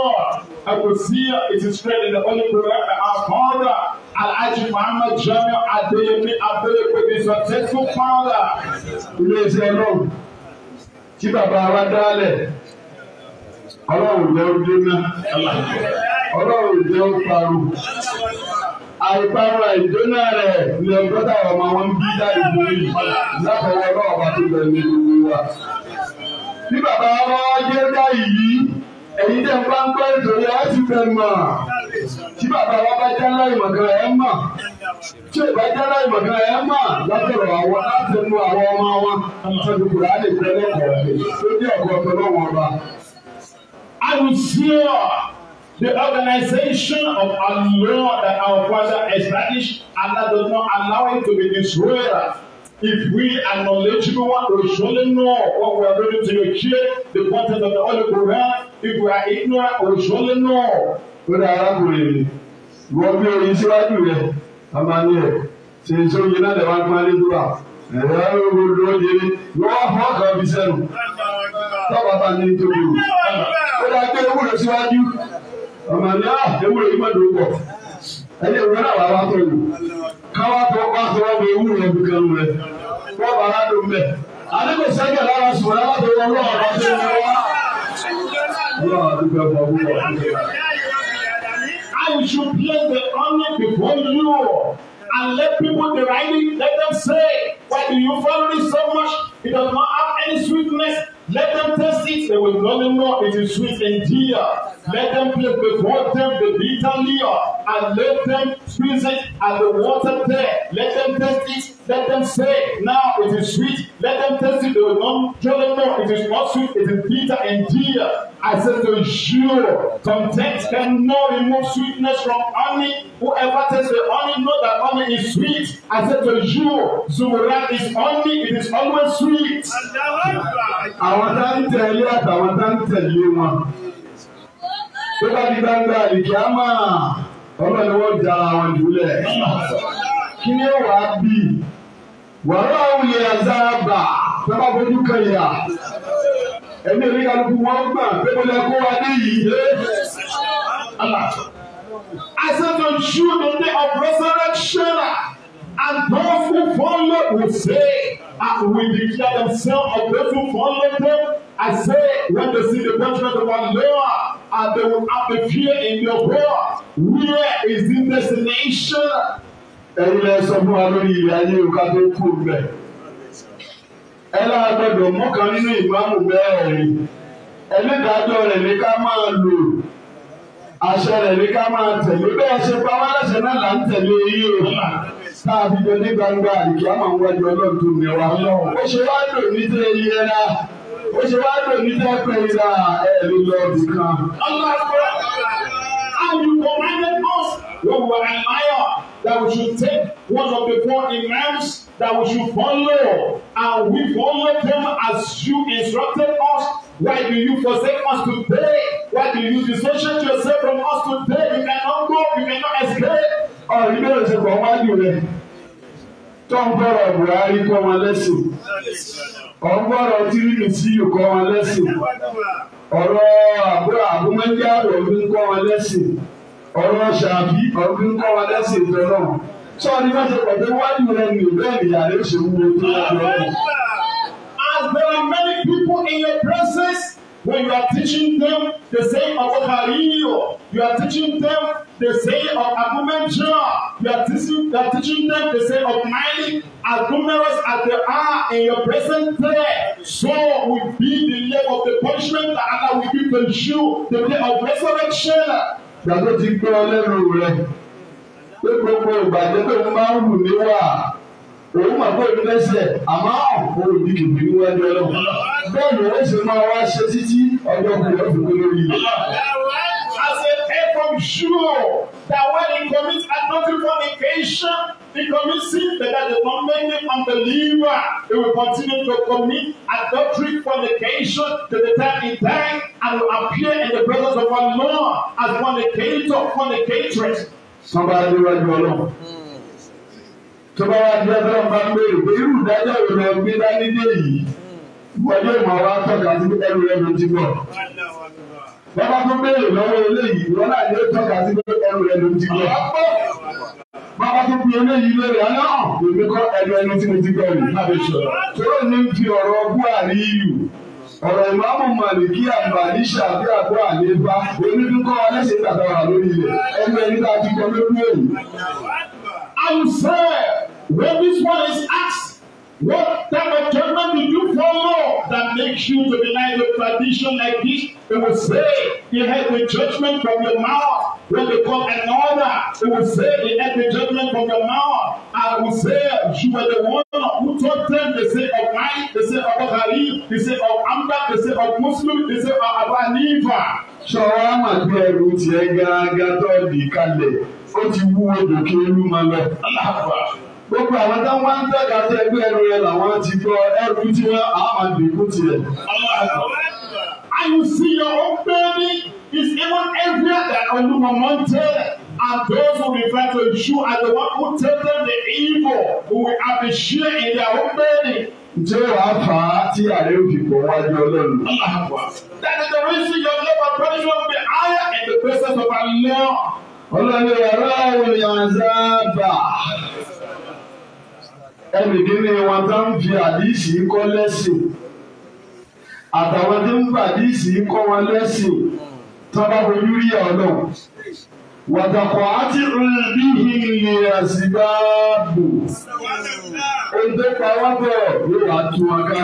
I will see it is read in the Holy Quran that our father, Alhaji Muhammad Jamiu Adeyemi Adelekwe, is Successful father. Ilé iṣẹ́ náà tí bàbá wa dálẹ̀, ọlọ́run jẹ́ ó dé náà, ọlọ́run jẹ́ ó parun àìpara ìdóná rẹ̀ ni ọgọ́ta ọmọ wọn bí jáde lórí látọwọ́ náà bá tó bẹ̀rẹ̀ ní wa. bí bàbá wa jẹ́ báyìí èyí tẹ̀ ń bá ń gbọ́ ti fẹ́ mọ̀ tí bàbá wa bá já láì mọ̀gàn ẹ̀ mọ̀ tí ò bá já láì mọ̀gàn ẹ̀ mọ̀ látọ̀rọ̀ àwọn láti mú àwọn ọmọ wa tọ́jú kùrọ̀ á lè fẹ́ lẹ́kọ̀ọ́ lórí ọ̀gọ́ I will swear The organization of law that our father established, Allah does not allow it to be destroyed. If we are knowledgeable, we surely know what we are ready to achieve, the content of the Holy Quran. If we are ignorant, we surely know. Wọ́n ará kùnrin ni, wọ́n bí orin síwájú rẹ̀, ọmọ ní ẹ̀, ṣe é sóyè náà lè wá pálí dúrà, ẹ̀rọ olódó yẹlé, wọ́n fọ́ kan fi sẹ́nu. Tọ́pọ̀ bá ní tóbi o, ó dá gbé síwájú ọmọ mi á yìí má dùn ẹni ewúrẹ́ náà wà wá tó yìí káwá tó wá tó wá wọ ewúrẹ́ bí kan rẹ̀ wọ́n bá wá dùn bẹ́ẹ̀ àdéhùn sẹ́jẹ̀ lára sùn lára tó wọ́n lọ́wọ́ bá tó wọ́n wá. Ọlọ́run àdúgbò ẹ̀fọ́ wúwo àdúgbò. I should place the honor before you and let people deride it. Let them say, Why do you follow value so much? It does not have any sweetness. Let them taste it, they will not know it is sweet and dear. Let them place before them the bitter leer, and let them squeeze it at the water there. Let them taste it, let them say, Now it is sweet. Let them taste it, they will not tell them, No, it is not sweet, it is bitter and dear. I said to you, content cannot remove sweetness from honey. Whoever tastes the honey knows that honey is sweet. I said to you, Zumurat is honey, it is always sweet. àwọn tá ń tẹ̀lé àtàwọn tá ń tẹ̀lé wọn. tó bá di gbangba àlìkí á máa ọlọ́run ni wọ́n da àwọn jùlẹ̀. kí ni ó wà á bì? wàhálà òun yẹ àzáàbà tó bá fojú kan ẹni èmi kálukú wọn gbà pé mo lè kó wa níyì. I said, on you the day of resurrection. And those who follow will say, and will declare themselves of those who follow them. I say, when they see the judgment of our Lord, and they will have the fear in their heart. Where is the destination? Ẹ̀yin lẹ sọ fún wa lórí ilẹ̀ ayé òkà tó kú bẹ̀. Ẹ lára gbọdọ̀ mọ́kàn nínú ìbámu mẹ́rin. Ẹlẹ́dàájọ́ rẹ̀ ní ká máa lò. Àṣẹ rẹ̀ ní ká máa tẹ̀lé. Bẹ́ẹ̀ ṣe pa wá láṣẹ náà là ń tẹ̀lé yìí o sáàbì jọ ní gbangba àdìgí àmọ́ àwọn ẹjọ́ ọlọ́run tó mi wá. ó ṣe wá lò ní tẹ yẹra ó ṣe wá lò ní tẹ pẹ̀lá ẹ̀rí lọ́ọ̀dù kan. How you commanded us when we were in Maya that we should take one of the four imams that we should follow and we follow them as you instructed us. Why do you forsake us today? Why do you dissociate yourself from us today? You not go, you not escape ọ̀rí bẹ́ẹ̀ ṣe kọ́ wájú rẹ̀ tó ń bọ̀rọ̀ Buhari kọ́ wọn lẹ́sìn ọ̀ ń bọ̀rọ̀ tírínì sí kọ́ wọn lẹ́sìn ọ̀rọ̀ àbúrò àbúmọ́jà ọ̀gbìn ń kọ́ wọn lẹ́sìn ọ̀rọ̀ ṣàbí ọ̀gbìn ń kọ́ wọn lẹ́sìn tó náà sọ́ọ̀ni bá ṣe pọ̀ pé wájú rẹ̀ ní bẹ́ẹ̀ yàrá ìṣòwò tó wà lọ́wọ́. As there are many people in your presence. When you are teaching them the saying of Kalinio, you are teaching them the saying of Agumenjua, you are teaching, you are teaching them the saying of Miley, as numerous as they are in your present day. so will be the year of the punishment that Allah will give to you, the day of resurrection. Gbàgbé ti gbọ́ lẹ́nu rẹ̀ pé gbogbo ìgbàgbé tó ń máa ń wù mí òun mà bó ìlú mẹsẹ àmọ́ òun ò ní ìlú níwájú Ọlọ́run bẹ́ẹ̀ ni wọn sì máa wá ṣe títí ọjọ́ kan yóò fi kó lórí As an aircom sure that when he commits adultery fornication, he commits sin that the not unbeliever. He will continue to commit adultery fornication to the time he dies and will appear in the presence of our Lord as fornicator, fornicatress. Somebody read your Lord. Mm tó bá wá jẹ́ bẹ́ẹ̀ máa ń béèrè pé irú ìdájọ́ wo lọ gbé dání dé yìí wọlé ìmọ̀ wa tọ́ka sí ẹrù rẹ̀ ló ti bọ̀. bàbá tó béèrè lọ́wọ́ eléyìí wọn náà yóò tọ́ka sí ẹrù rẹ̀ ló ti bọ̀. bàbá tó fi eléyìí lé rẹ̀ náà èmi kọ́ ẹrù ẹni tí mo ti bọ̀ rí láti sọ̀rọ̀. tóró ní fi ọ̀rọ̀ buhari yù ọ̀rọ̀ ìmáàmù màlìkí àǹbàní ṣàbí àbọ̀ àlébá onídùúkọ́ ẹlẹ́sìn tàbí ọ̀rọ̀ lórí ilẹ̀ ẹgbẹ́ ẹni tá kọ́ lókùn èyí. àwùsẹ́ẹ̀. When this one is asked, what type of judgment did you follow that makes you to deny the tradition like this? They will say they had the judgment from your mouth. When they come another, they will say they had the judgment from your mouth. I will say you were the one who told them. They say of mine, they say of Harif, they say of Amda, they say of Muslim, they say of Abaniva. Hanifa. Ṣọwọ́ àmàgbé ẹrù tiẹ̀ gágá tó di kalẹ̀, ó ti wúwo dòkè ẹrú máa lọ gbogbo àwọn tó wá ń tẹ̀ka sí ẹgbẹ́ ẹrù rẹ làwọn ti kọ ẹrù tí wọ́n á máa dìkú tiẹ̀. And you see your own baby is even heavier than Olúmọ̀mọ́ tẹ́lẹ̀. And those who refer to you as the one who tell them the evil who will have a share in their own burning. Ǹjẹ́ wàá fà á tí ààrẹ òkè kò wájú Ọlọ́run? That is the reason your love and praise in the presence of our Ọlọ́run yàrá òun yàn záàbà ẹnìdínní wọn tó ń fi àdìsí kọ́ lẹ́sìn àtàwọn tó ń fa àdìsí kọ́ wọn lẹ́sìn tó bá fojú rí ọ̀nà wàtàkọ̀ àti ìbíhi ni àsìgbàgbò ọdẹ pàwọ́pọ̀ yóò wá tú wọn ká.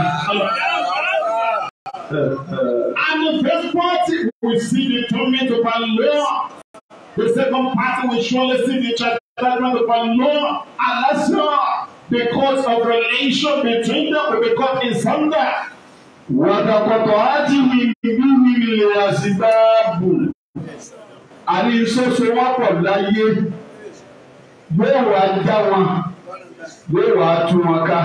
And the first party will see the torment of our Lord. The second party will surely see the chastisement of our Lord. Allah because of relation between them will become asunder. Wàdàkọ̀tọ̀ àti wìbí wìbí àsìbáàbù. Àní sọ́sọ́ wá pọ̀ láyé. Yóò wá já wọn. Yóò wá tú wọn ká.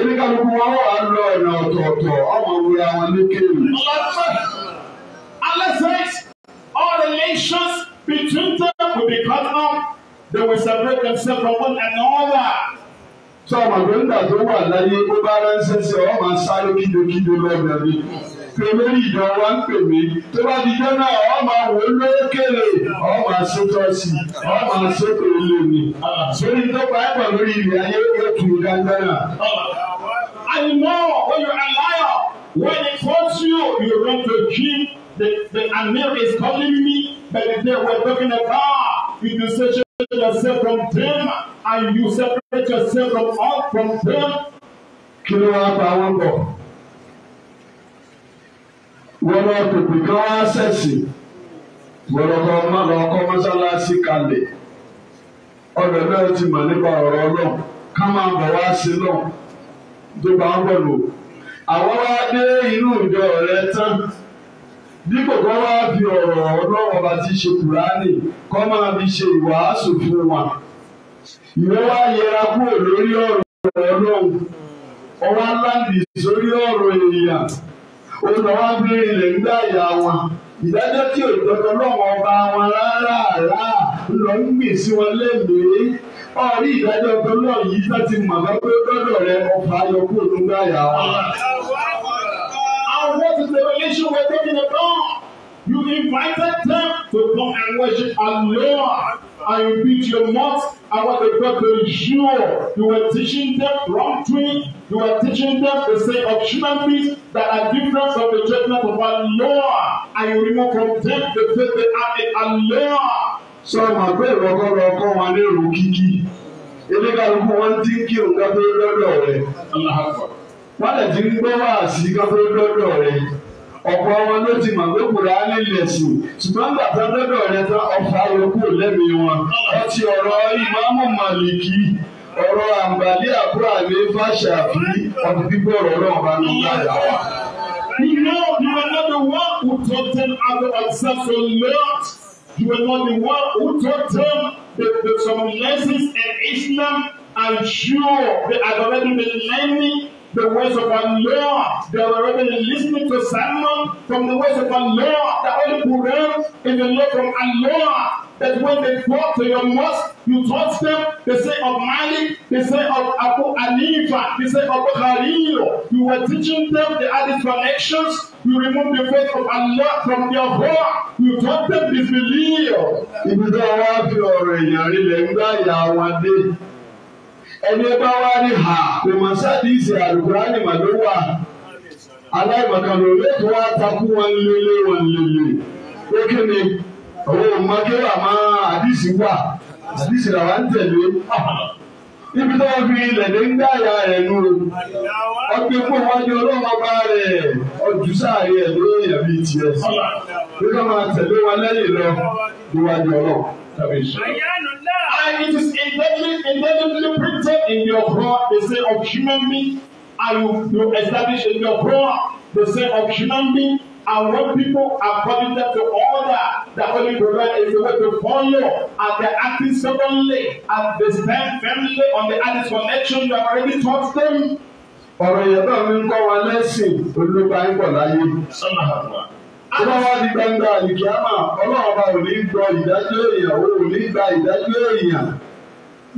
Ebi kálukú wọn wà lọ ọ̀nà ọ̀tọ̀ọ̀tọ̀ ọmọ wura wọn lékèrè. Allah says all relations between them will be cut off. They will separate themselves from one another sọ àgbàgbé nígbà tó wà láyé ó bá ránṣẹ́ sí ọ máa sáré kídokído lọ́dọ̀ ni pé ìjọ wa ń pè mí tó bá di jẹ́ náà ọ máa wò ó lókèlè ọ máa ṣètò sí ọ máa ṣètò ilé mi sórí tó pa lórí ilẹ̀ ayé yóò tù gángan. àìmọ́ oyè àláyà when it force you you run to keep the the amir is calling me but if they were talking about you do such a. Separate yourself from them and you separate yourself from all from them. kí ló wá bá wọn bọ̀? wọ́n lọ pèpè kí wọ́n á ṣẹ̀sì gbọ̀dọ̀kọ̀ má lọ kọ́ mọ́sálásí kalẹ̀ ọ̀dọ̀ náà ti mọ̀ nípa ọ̀rọ̀ náà ká máa bọ̀ wá sí náà tó bá ń bọ̀ lò. àwọn wá dé inú ìjọ rẹ tán dípò kọ́ wá fi ọ̀rọ̀ ọlọ́wọ́n bá ti ṣe kùránì kọ́ máa fi ṣe ìwàásù fún wa ìwọ wá yẹra kúrò lórí ọ̀rọ̀ ọlọ́run ọwọ́ aláǹdì sórí ọ̀rọ̀ ènìyàn òun náà wá gbé ilẹ̀ ńgbà ìyá wọn ìdájọ́ tí ò dọ́dọ́ lọ́wọ́ ọba wọn rárá rárá lọ ń gbìn sí wọn lẹ́mìí ọ̀rí ìdájọ́ ọ̀dọ́ náà yìí láti mọ̀ bá pé gbọ́dọ̀ rẹ ọ̀fà ayọ̀kú is the revelation we're talking about. You invited them to come and worship our Lord. And you beat your mouth about the God to ensure you were teaching them wrong thing. You were teaching them the same of human beings that are different from the judgment of our Lord. And you remove from them the faith they have in our Lord. Sọ ma pé ìrọ̀kọ́rọ̀ ọkọ wọn lérò kíkí. Eléyàwó wọn ti ń kírun ká tó lọ́dọ̀ rẹ̀. Allah akbar wọ́n lè ń gbọ́ wá sí gbọ́dọ̀dọ̀ rẹ̀ ọ̀pọ̀ wọn ló ti mọ̀ pé kùrọ̀ á lè lẹ̀ sí ṣùgbọ́n bàtà dọ́dọ̀ rẹ̀ tán ọ̀fà yòókù lẹ́mìí wọn ọtí ọ̀rọ̀ ìmáàmù màlìkì ọ̀rọ̀ àǹbálí àbúrò àmì fàṣàfi ọ̀dùn gbígbọ́ ọ̀rọ̀ náà bá ní láyà wa. You know, you are not the one who taught them how to accept the Lord. You are not the one who taught them the, the some lessons in Islam. I'm sure they are already been learning the words of our Lord. They were already listening to sermon from the words of our Lord, the Holy Quran in the law from Allah. That when they talk to your mosque, you touch them, they say of Mali. they say of Abu Anifa. they say of Khalil. You were teaching them, the added connections. You remove the faith of Allah from their heart. You taught them disbelief. Ibi ẹni bá wá ní ha kò mọ̀ sádìsì àlùkùránì mà ló wà aláìmọ̀kan ló lẹ́tọ̀ wá takú wọn lélẹ̀ wọn lélẹ̀ ó kí ni òun ò mọ̀ kí wà má àdìsí wà àdìsí làwa ń tẹ̀lé níbi tó wọn fi ilẹ̀ lé ń dá ìyá rẹ̀ nù ọgbẹ́ fún wájú ọlọ́run ọba rẹ̀ ọjọ́ sáré ẹ̀ lórí ìyàbí tiẹ̀ sí i bí ká máa tẹ̀lé wọn lẹ́yìn lọ níwájú ọlọ́run. And it is indelibly, indelibly printed in your prayer, the say of human being, and you, you establish in your prayer the say of human being, and when people are connected to order, the Holy Prophet is the way to follow, and they're acting stubbornly, and they stand firmly on the Alice connection you have already taught them. Ọ̀rọ̀ ìyàbá mi ń kọ́ wa lẹ́sìn olúwa ń bọ̀ láyé. Sọ́nà àgbà tó di gbangba àlìkíámà ọlọ́run ọba ò ní gbọ́ ìdájọ́ èèyàn ò ní gba ìdájọ́ èèyàn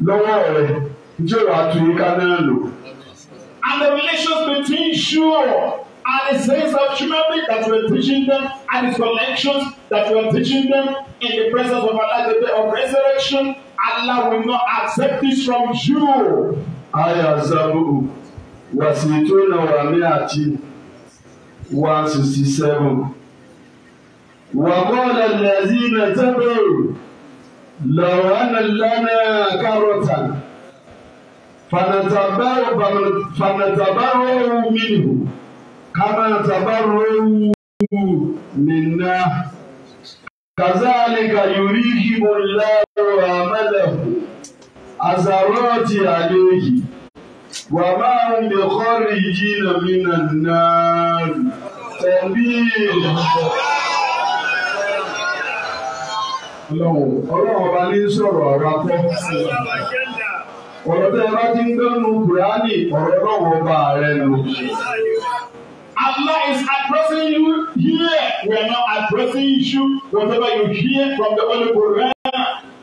lọ́wọ́ rẹ̀ tí ó wà náà lò. and the relations between sure and the sense of humanity that we are teaching them and the connections that we are teaching them in the presence of Allah the day of resurrection Allah will not accept this from you. Aya Zabu Wasituna Wamiati one sixty seven. وقال الذين تبعوا لو أن لنا كرة فنتبرأ منه كما تبرأوا منا كذلك يريهم الله عمله عثرات عليه وما هم بخارجين من النار تبيه Ọlọ́run Ọlọ́run ọba ní sọ̀rọ̀ ọ̀rọ̀ akọ́. Ọ̀rọ̀ tẹ́ ẹ bá ti ń gbẹ́nu Kùránì ọ̀rọ̀ Ọlọ́run ọba rẹ lò. Allah is addressing you here. We are not addressing you. Whatever you hear from the Holy Quran,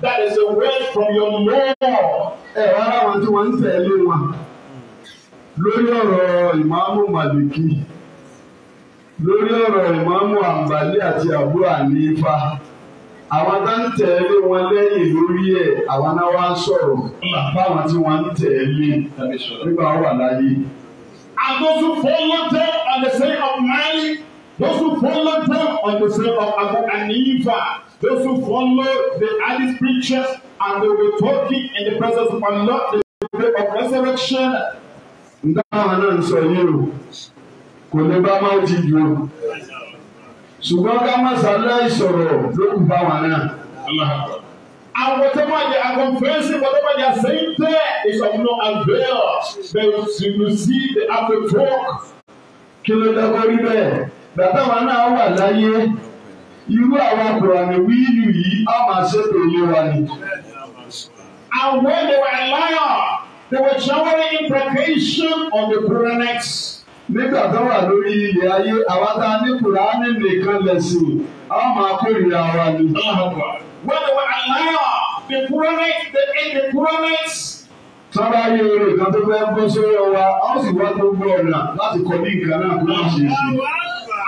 that is a word from your Lord. Ẹ wá láwọn tí wọ́n ń tẹ̀lé wọn lórí ọ̀rọ̀ ìmáàmù Màlìkì lórí ọ̀rọ̀ ìmáàmù Àǹbálí àti Àbú Ànífà àwọn tá wọn lẹ́yìn lórí ẹ̀ àwọn náà wá sọ̀rọ̀ báwọn tí wọ́n ń tẹ̀lé nígbà wà láyé. And those who follow them on the same of Mali, those who follow them on the same of Abu those who follow the Hadith preachers, and they were talking in the presence of Allah, the day of resurrection. Ndáhàn náà ń sọ yìí o, kò lè bá máa jí ju o ṣùgbọ́n ká má ṣàlàyé sọ̀rọ̀ ló kù bá wọn náà. Àwọn tó máa jẹ àkọ́nfẹ́nsì wọn tó máa jẹ àṣẹyìn tẹ́ ìṣọ̀mùnà àgbẹ̀yà bẹ̀rù sí the afẹ́fọ́k. Kí ló dákọ́ rí bẹ́ẹ̀? Bàbá wa náà wà láyé. Irú àwọn akùrànì wíìlì yìí á máa ṣètò ilé wa ni. Àwọn ènìyàn láyà, they were showering imprecation on the Quranites nígbà tó wà lórí ilẹ̀ ayé àwa tá a ní kùránì nìkan lẹ̀sìn àwọn máa kórìíra wa ni. When they were allowed, the Quranites, the, the Quranites sábà yí orin kan tó fẹ́ bọ́ sórí ọwa a ó sì wá gbogbo ọ̀nà láti kọ́ ní ìgbà náà kó ṣe é ṣe.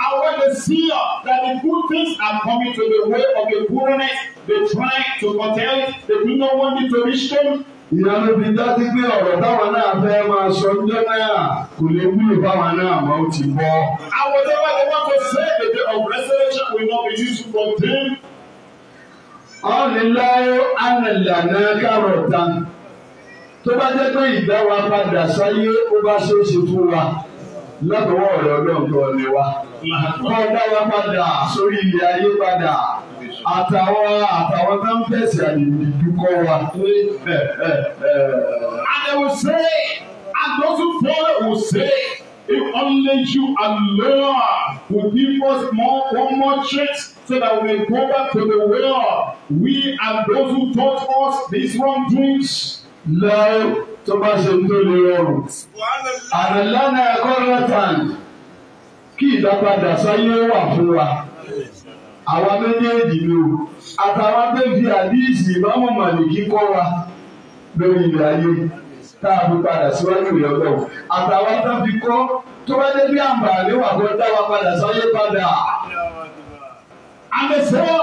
I want to see that the good things are coming to the way of the poorness, the trying to curtail it, the do not want to reach them ìyanu fi dájú pé ọ̀rọ̀ táwọn náà fẹ́ máa sọ níjọ́ náà kò lè wúlò báwọn náà mọ́ ó ti bọ́. And whatever the one go say the day of resurrection will not be used for them. ọ̀nìláyò ànàlànà kárọ̀tà tó bá jẹ́ pé ìgbà wa padà sáyé ó bá ṣeéṣe fún wa látọwọ́ ọ̀rọ̀ ọlọ́ọ̀tọ̀ ọ̀lẹ́wà. Kọ́ ọ àtàwọn àtàwọn tó ń fẹsẹ àyèmídúkọ wa. And they will say, and those who follow will say, if only you alone would give us more one more chance so that we may go back to the world, We and those who taught us these wrongdoings. Láyé tó bá ṣe ń tó lè rọrùn. Àrẹ̀lá náà kọ́ rẹ̀ tán kí ìdápadà sáyé wà fún wa àwa méjèèjì ni o àtàwọn tó àdíìsì ìmáàmù màlìkí kọ́ wa lórí ilẹ̀ ayé tá padà síwájú ìyọ́tọ̀ àtàwọn tó kọ́ tó bá dé bí àǹfààní wà kó dá padà sáyé padà. And they say,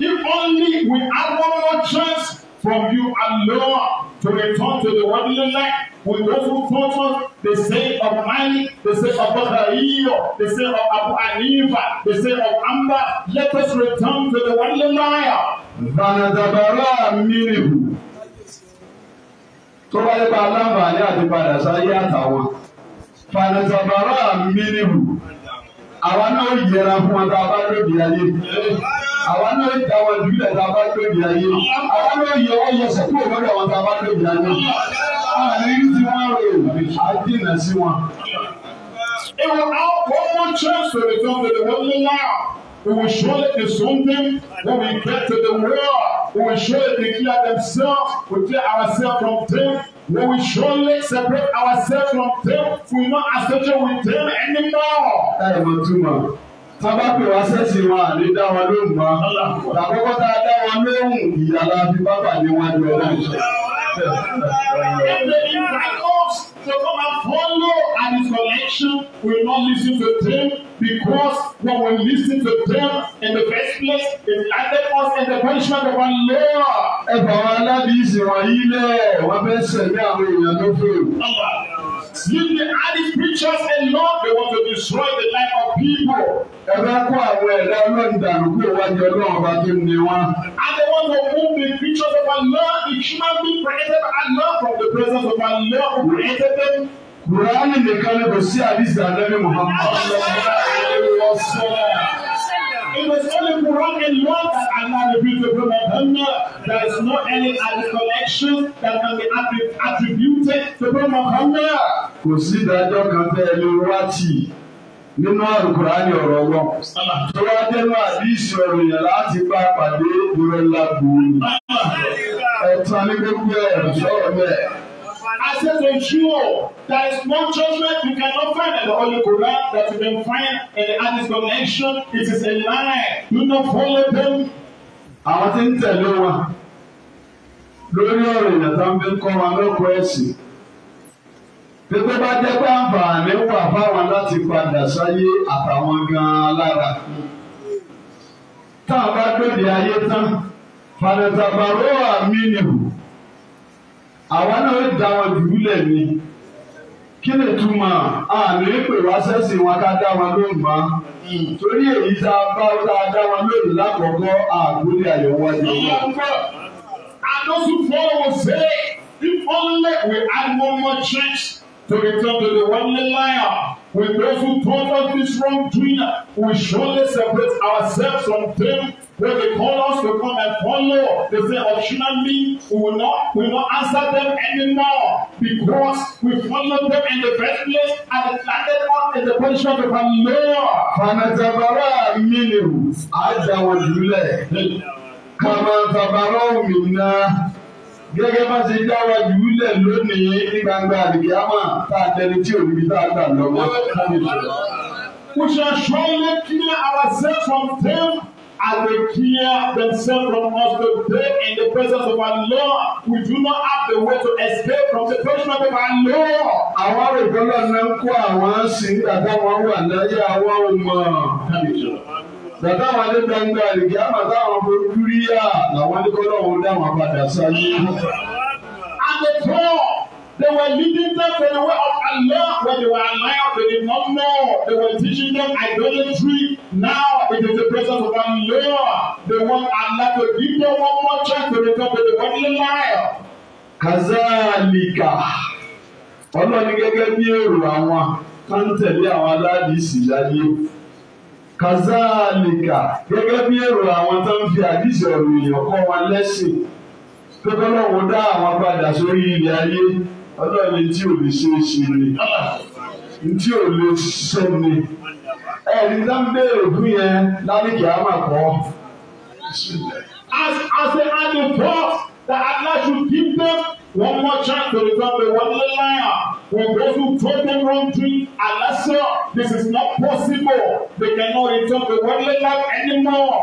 if only we have one more chance from you and Noah to return to the worldly life with those who taught us the saying of Mali, the saying of Bakariyo, the saying of Abu Anifa, the saying of Amba. Let us return to the worldly liar. Vanadabara minihu. Tó bá yẹ ká láǹfààní àti padà sáyé àtàwọn. Vanadabara minihu. Àwa náà yẹra fún wọn tá a bá lóbi ayé àwa náà yẹ àwọn ìdílé tá a bá lóde ayé àwa náà yẹ wọ́n yẹ sọ fún òwúrọ̀ àwọn tá a bá lóde ayé àárín tí wọ́n rò àdínà sí wọn. It will out one more chance to return to the world now. We will surely do something when we get to the world. We will surely declare themselves, we declare ourselves from them. We will surely separate ourselves from them. We will not associate with them anymore. That sábà pè wá sẹ́sìn wọn àní dá wọn lóhùn mọ́ àkọ́kọ́ tá a dá wọn lóhùn ìyàlá fi bábà ní wọn jọ náà. To come and follow at his collection, will not listen to them because when we listen to them in the first place, it landed us in the punishment of our Lord. Allah. bá Using the added preachers alone, they want to destroy the life of people. Ẹ bá kó àwọn ẹ̀dá ọlọ́run dànù kó ọlọ́run ọba tó ní wọn. And they want to move the creatures of Allah, the human being created by Allah from the presence of Allah who created them. Kùránì nìkan ni kò sí àdìsí àdẹ́bí Mùhàmmá. Àwọn ọmọ ìlú ọ̀sán. It was only Quran and law that Allah attributed to Muhammad. There is no any other collection that can be attributed to Prophet Muhammad. Kò sí ìdájọ́ kan tẹ́ ẹ lè wá tì nínú àlùkùránì ọ̀rọ̀ wọn. Tó wá dénú àdìsí ọ̀rọ̀ yẹn láti bá pàdé ìrẹ́lá gbòòrò. Ẹ̀tàn ní gbogbo ẹ̀ sọ̀rọ̀ bẹ́ẹ̀. I access ensure there is no judgment you cannot find in the Holy Quran that you can find in the Hadith connection. It is a lie. Do not follow them. Àwọn tí ń tẹ̀lé wa lórí ọ̀rọ̀ ìyàtọ̀ ń fi kọ́ wa lọ́kọ̀ ẹ̀sìn. Gbogbo bá jẹ́ pé àǹfààní wà fáwọn láti padà sáyé àtàwọn gan-an lára. Tá a bá gbèdé ayé tán, fàdàtàbàrò àmì nìhù àwa náà dá wọn jùlẹ̀ ni kí ni túmọ̀ àmì pè wá sẹ́sìn wọn ká dá wọn lóhùn mọ́ torí èyí tá a bá tá dá wọn lóhùn lákọ̀ọ́kọ́ àgbóni àyẹ̀wò ni wọn. And those who follow say, if only we add one more chance to return to the only liar, with those who told us this wrong doing, we surely separate ourselves from them When they call us to come and follow, they say, unfortunately, we will not, we will not answer them anymore because we followed them in the first place and it landed us in the position of a Lord. Kàmẹ́tàbárà mi ni àjàwò jùlẹ̀. Kàmẹ́tàbárà mi ná. Gẹ́gẹ́ bá ṣe dáwà jùlẹ̀ lónìí ní gbangba àdìgíámà tá a jẹni tí ò níbi gbà lọ́wọ́. We shall surely clear ourselves from them as they tear themselves from us to pray in the presence of our Lord. We do not have the way to escape from the punishment of our Lord. Àwọn àrògbọ́lá náà ń kó àwọn sí dàda wọn wà láyé àwọn ọmọ. Dàda wọn ní gbangba àlèkè àmà táwọn ọmọ ojú rí yá làwọn ní kọ́lọ́ wọn dá wọn padà sáyé. And the poor. They were leading them to the way of Allah when they were alive. They did not know. They were teaching them idolatry. Now it is the presence of Allah. They want Allah to give them one more chance to return to the godly life. Kazalika. Ọlọ́ni gẹ́gẹ́ bí èrò àwọn kan tẹ̀lé àwọn aládìsí láyé. Kazalika gẹ́gẹ́ bí èrò àwọn tó ń fi àdìsí ọ̀rọ̀ èèyàn kọ́ wọn lẹ́sìn. Pé kọ́lọ́wọ́ dá àwọn padà sórí ilẹ̀ ayé ọlọ́run ní tí ò lè ṣe é ṣe ni ní tí lè ṣe ni ẹni tá ń béèrè fún yẹn lálẹ́kì á máa kọ́. as as they had the thought the Allah should give them one more chance to become the one liar when those who told them wrong thing Allah said this is not possible they cannot return the one liar anymore.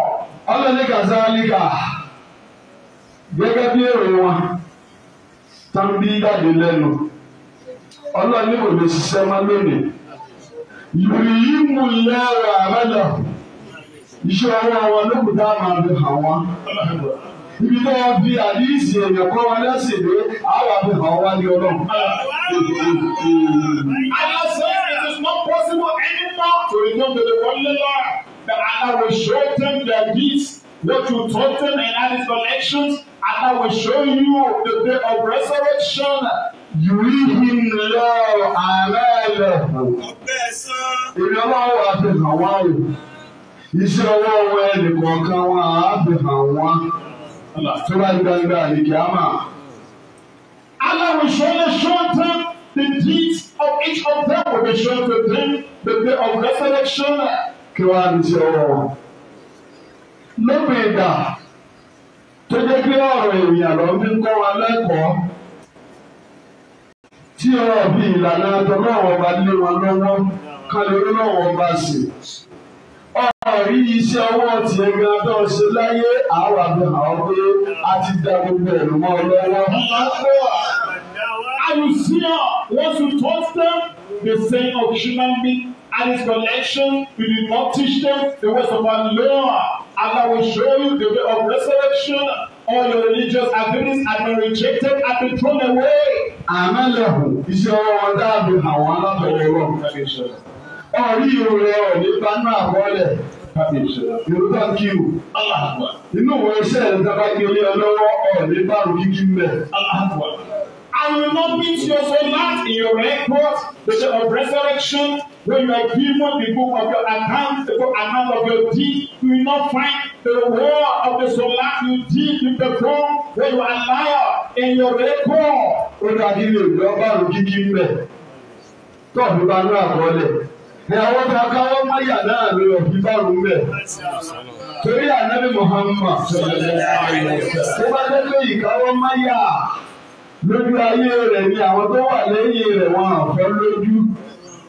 ọlọ́ni kàzá níkà gẹ́gẹ́ bí èrò wọn tán bí jáde lẹ́nu ọlọ́run ní kò lè ṣiṣẹ́ mọ́ lónìí lórí yìí mú lẹ́rọ àbájá iṣẹ́ ọwọ́ wọn ló máa fi hàn wọ́n ibi tó wọn fi àdíyèsí èèyàn kọ́ wọn lẹ́sìn lé àwọn àfi hàn wọ́n ní ọlọ́run. Allah says it is not possible anymore to remove the only law that Allah will show them their deeds, what you taught them and all his collections. And I will show you the day of resurrection. You him low and Yurihim lọ àmẹ́lẹ̀kù. Ìrìn ọlọ́wọ́ àfihàn wá o. Iṣẹ́ ọwọ́ ọwọ́ ẹnìkọ̀ọ̀kan wọn àfihàn wá. Tó bá gbangba àdìgẹ́ àmà. Allah will show the short the deeds of each of them will be shown to them the day of resurrection. Kí wàá ní iṣẹ́ ọwọ́ wọn? Lópin ìgbà tó jẹ́ pé ọ̀rọ̀ èèyàn ló fi ń kọ́ wa lẹ́kọ̀ọ́ tí ọ̀rọ̀ bí ìlànà tọ́lọ́wọ́ bá lé wọn lọ́wọ́ kálí olówó bá sì. ọ̀rí iṣẹ́ ọwọ́ tiẹ̀ gan tó ń ṣe láyé àwọn àbí àwọn pé a ti da gbogbo ẹ̀rù mọ́ lọ́wọ́. And you see once you touch them, the saying of human being and his connection, you did not teach them the words of our Lord and I will show you the way of resurrection. All your religious activities have been rejected and been thrown away. Àmọ́ lẹ́hùn iṣẹ́ wọn dáàbò àwọn alábẹ̀rẹ̀ wọn. Ọ̀rí ìrora ọ̀dẹ́ bá ń náà wọlé. Yorùbá kí o. Inú ìwọ iṣẹ́ rẹ̀ dábàá kí o lé ọ lọ́wọ́ ọ̀dẹ́ bá rò kíkí mẹ́. I will not meet your soul in your record, the day of resurrection. When you are human, the book of your account, the book account of your deeds, you will not find the war of the solar you did, you perform, when you are liar in your record. Ó dàbí ilé ìwé ọba àrùn kíkí ń bẹ̀. Tọ́ọ̀bù bá ní àkọọ́lẹ̀. Ní àwọn ọjà káwọ́ máyà náà ni ọ̀bí bá rùn bẹ̀. Torí ànábì Muhammad tó bá dé pé ìkáwọ́ máyà lójú ayé rẹ̀ ni àwọn tó wà lẹ́yìn rẹ̀ wọn àfẹ́ lójú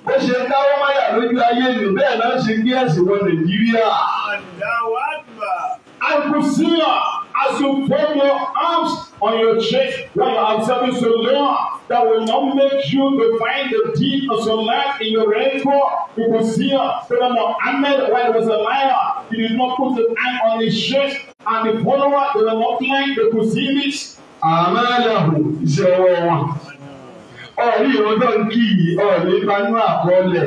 ó ṣe káwọ́ máyà lójú ayé ni bẹ́ẹ̀ náà ṣe gbé ẹ̀sìn wọ Nàìjíríà. I as you put your arms on your chest when you are serving the Lord that will not make you to find the deep of your life in your rainbow. You could see her, Brother Muhammad, when he was a liar, he did not put his hand on his chest and the follower, they were not lying, they could see this. Àmàlà ìṣòro wọn ọ̀rí ìrọ́jọ́ ń kí yìí ọ̀rí ìpanú àkọọ́lẹ̀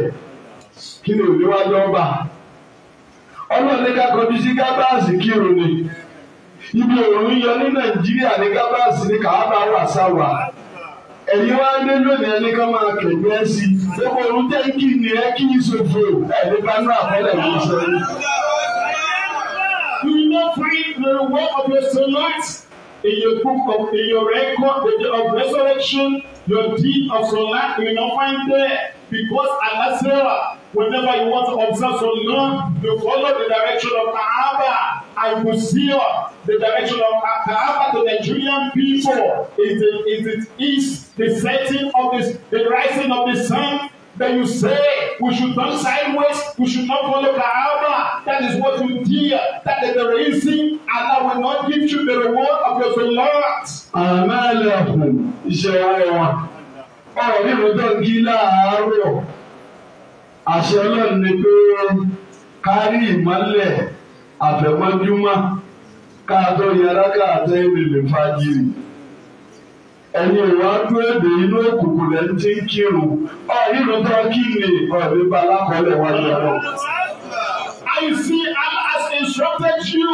kí ni òní wá lọ́ba ọlọ́run ní kakọjú sí gábàásì kírun ni ibi òòrùn yọ ní nàìjíríà ní gábàásì ní kàábà wà sáwà ẹ̀yin wá dé lónìí ẹni kan máa kẹ̀gbẹ́ sí i gbogbo òun jẹ́ kí ni ẹ kí ìṣòfò ẹ̀ nípanú àkọọ́lẹ̀ kì sọ yìí. Do not breathe the work of your soul light in your book of in your record the day of resurrection your deed of solat you no find there because alasera whenever you want to observe solat you follow the direction of kaaba and you see uh, the direction of kaaba to Nigerian people is it is it is the setting of this the rising of the sun that you say we should turn sideways, we should not follow Kaaba. That is what you hear. That is the reason Allah will not give you the reward of your salat. Àmàlẹ́kùn iṣẹ́ ẹ̀wọ̀n. Ọ̀rọ̀ nínú dọ́ǹkì láàárọ̀. Àṣẹ Ọlọ́run ni pé kárí ìmọ́lẹ̀ àfẹ̀mọ́júmọ́ káàtó yẹra káàtó ìrìnlẹ̀ fàájì ẹ̀yin ìwájú èdè inú òkùnkùn lẹ́ ń ti ń kírun ọ̀rí ló tọ́ kí ni ọ̀rí bá alákọ̀ọ́lẹ̀ wá yọrọ. I see I'm as instructed you.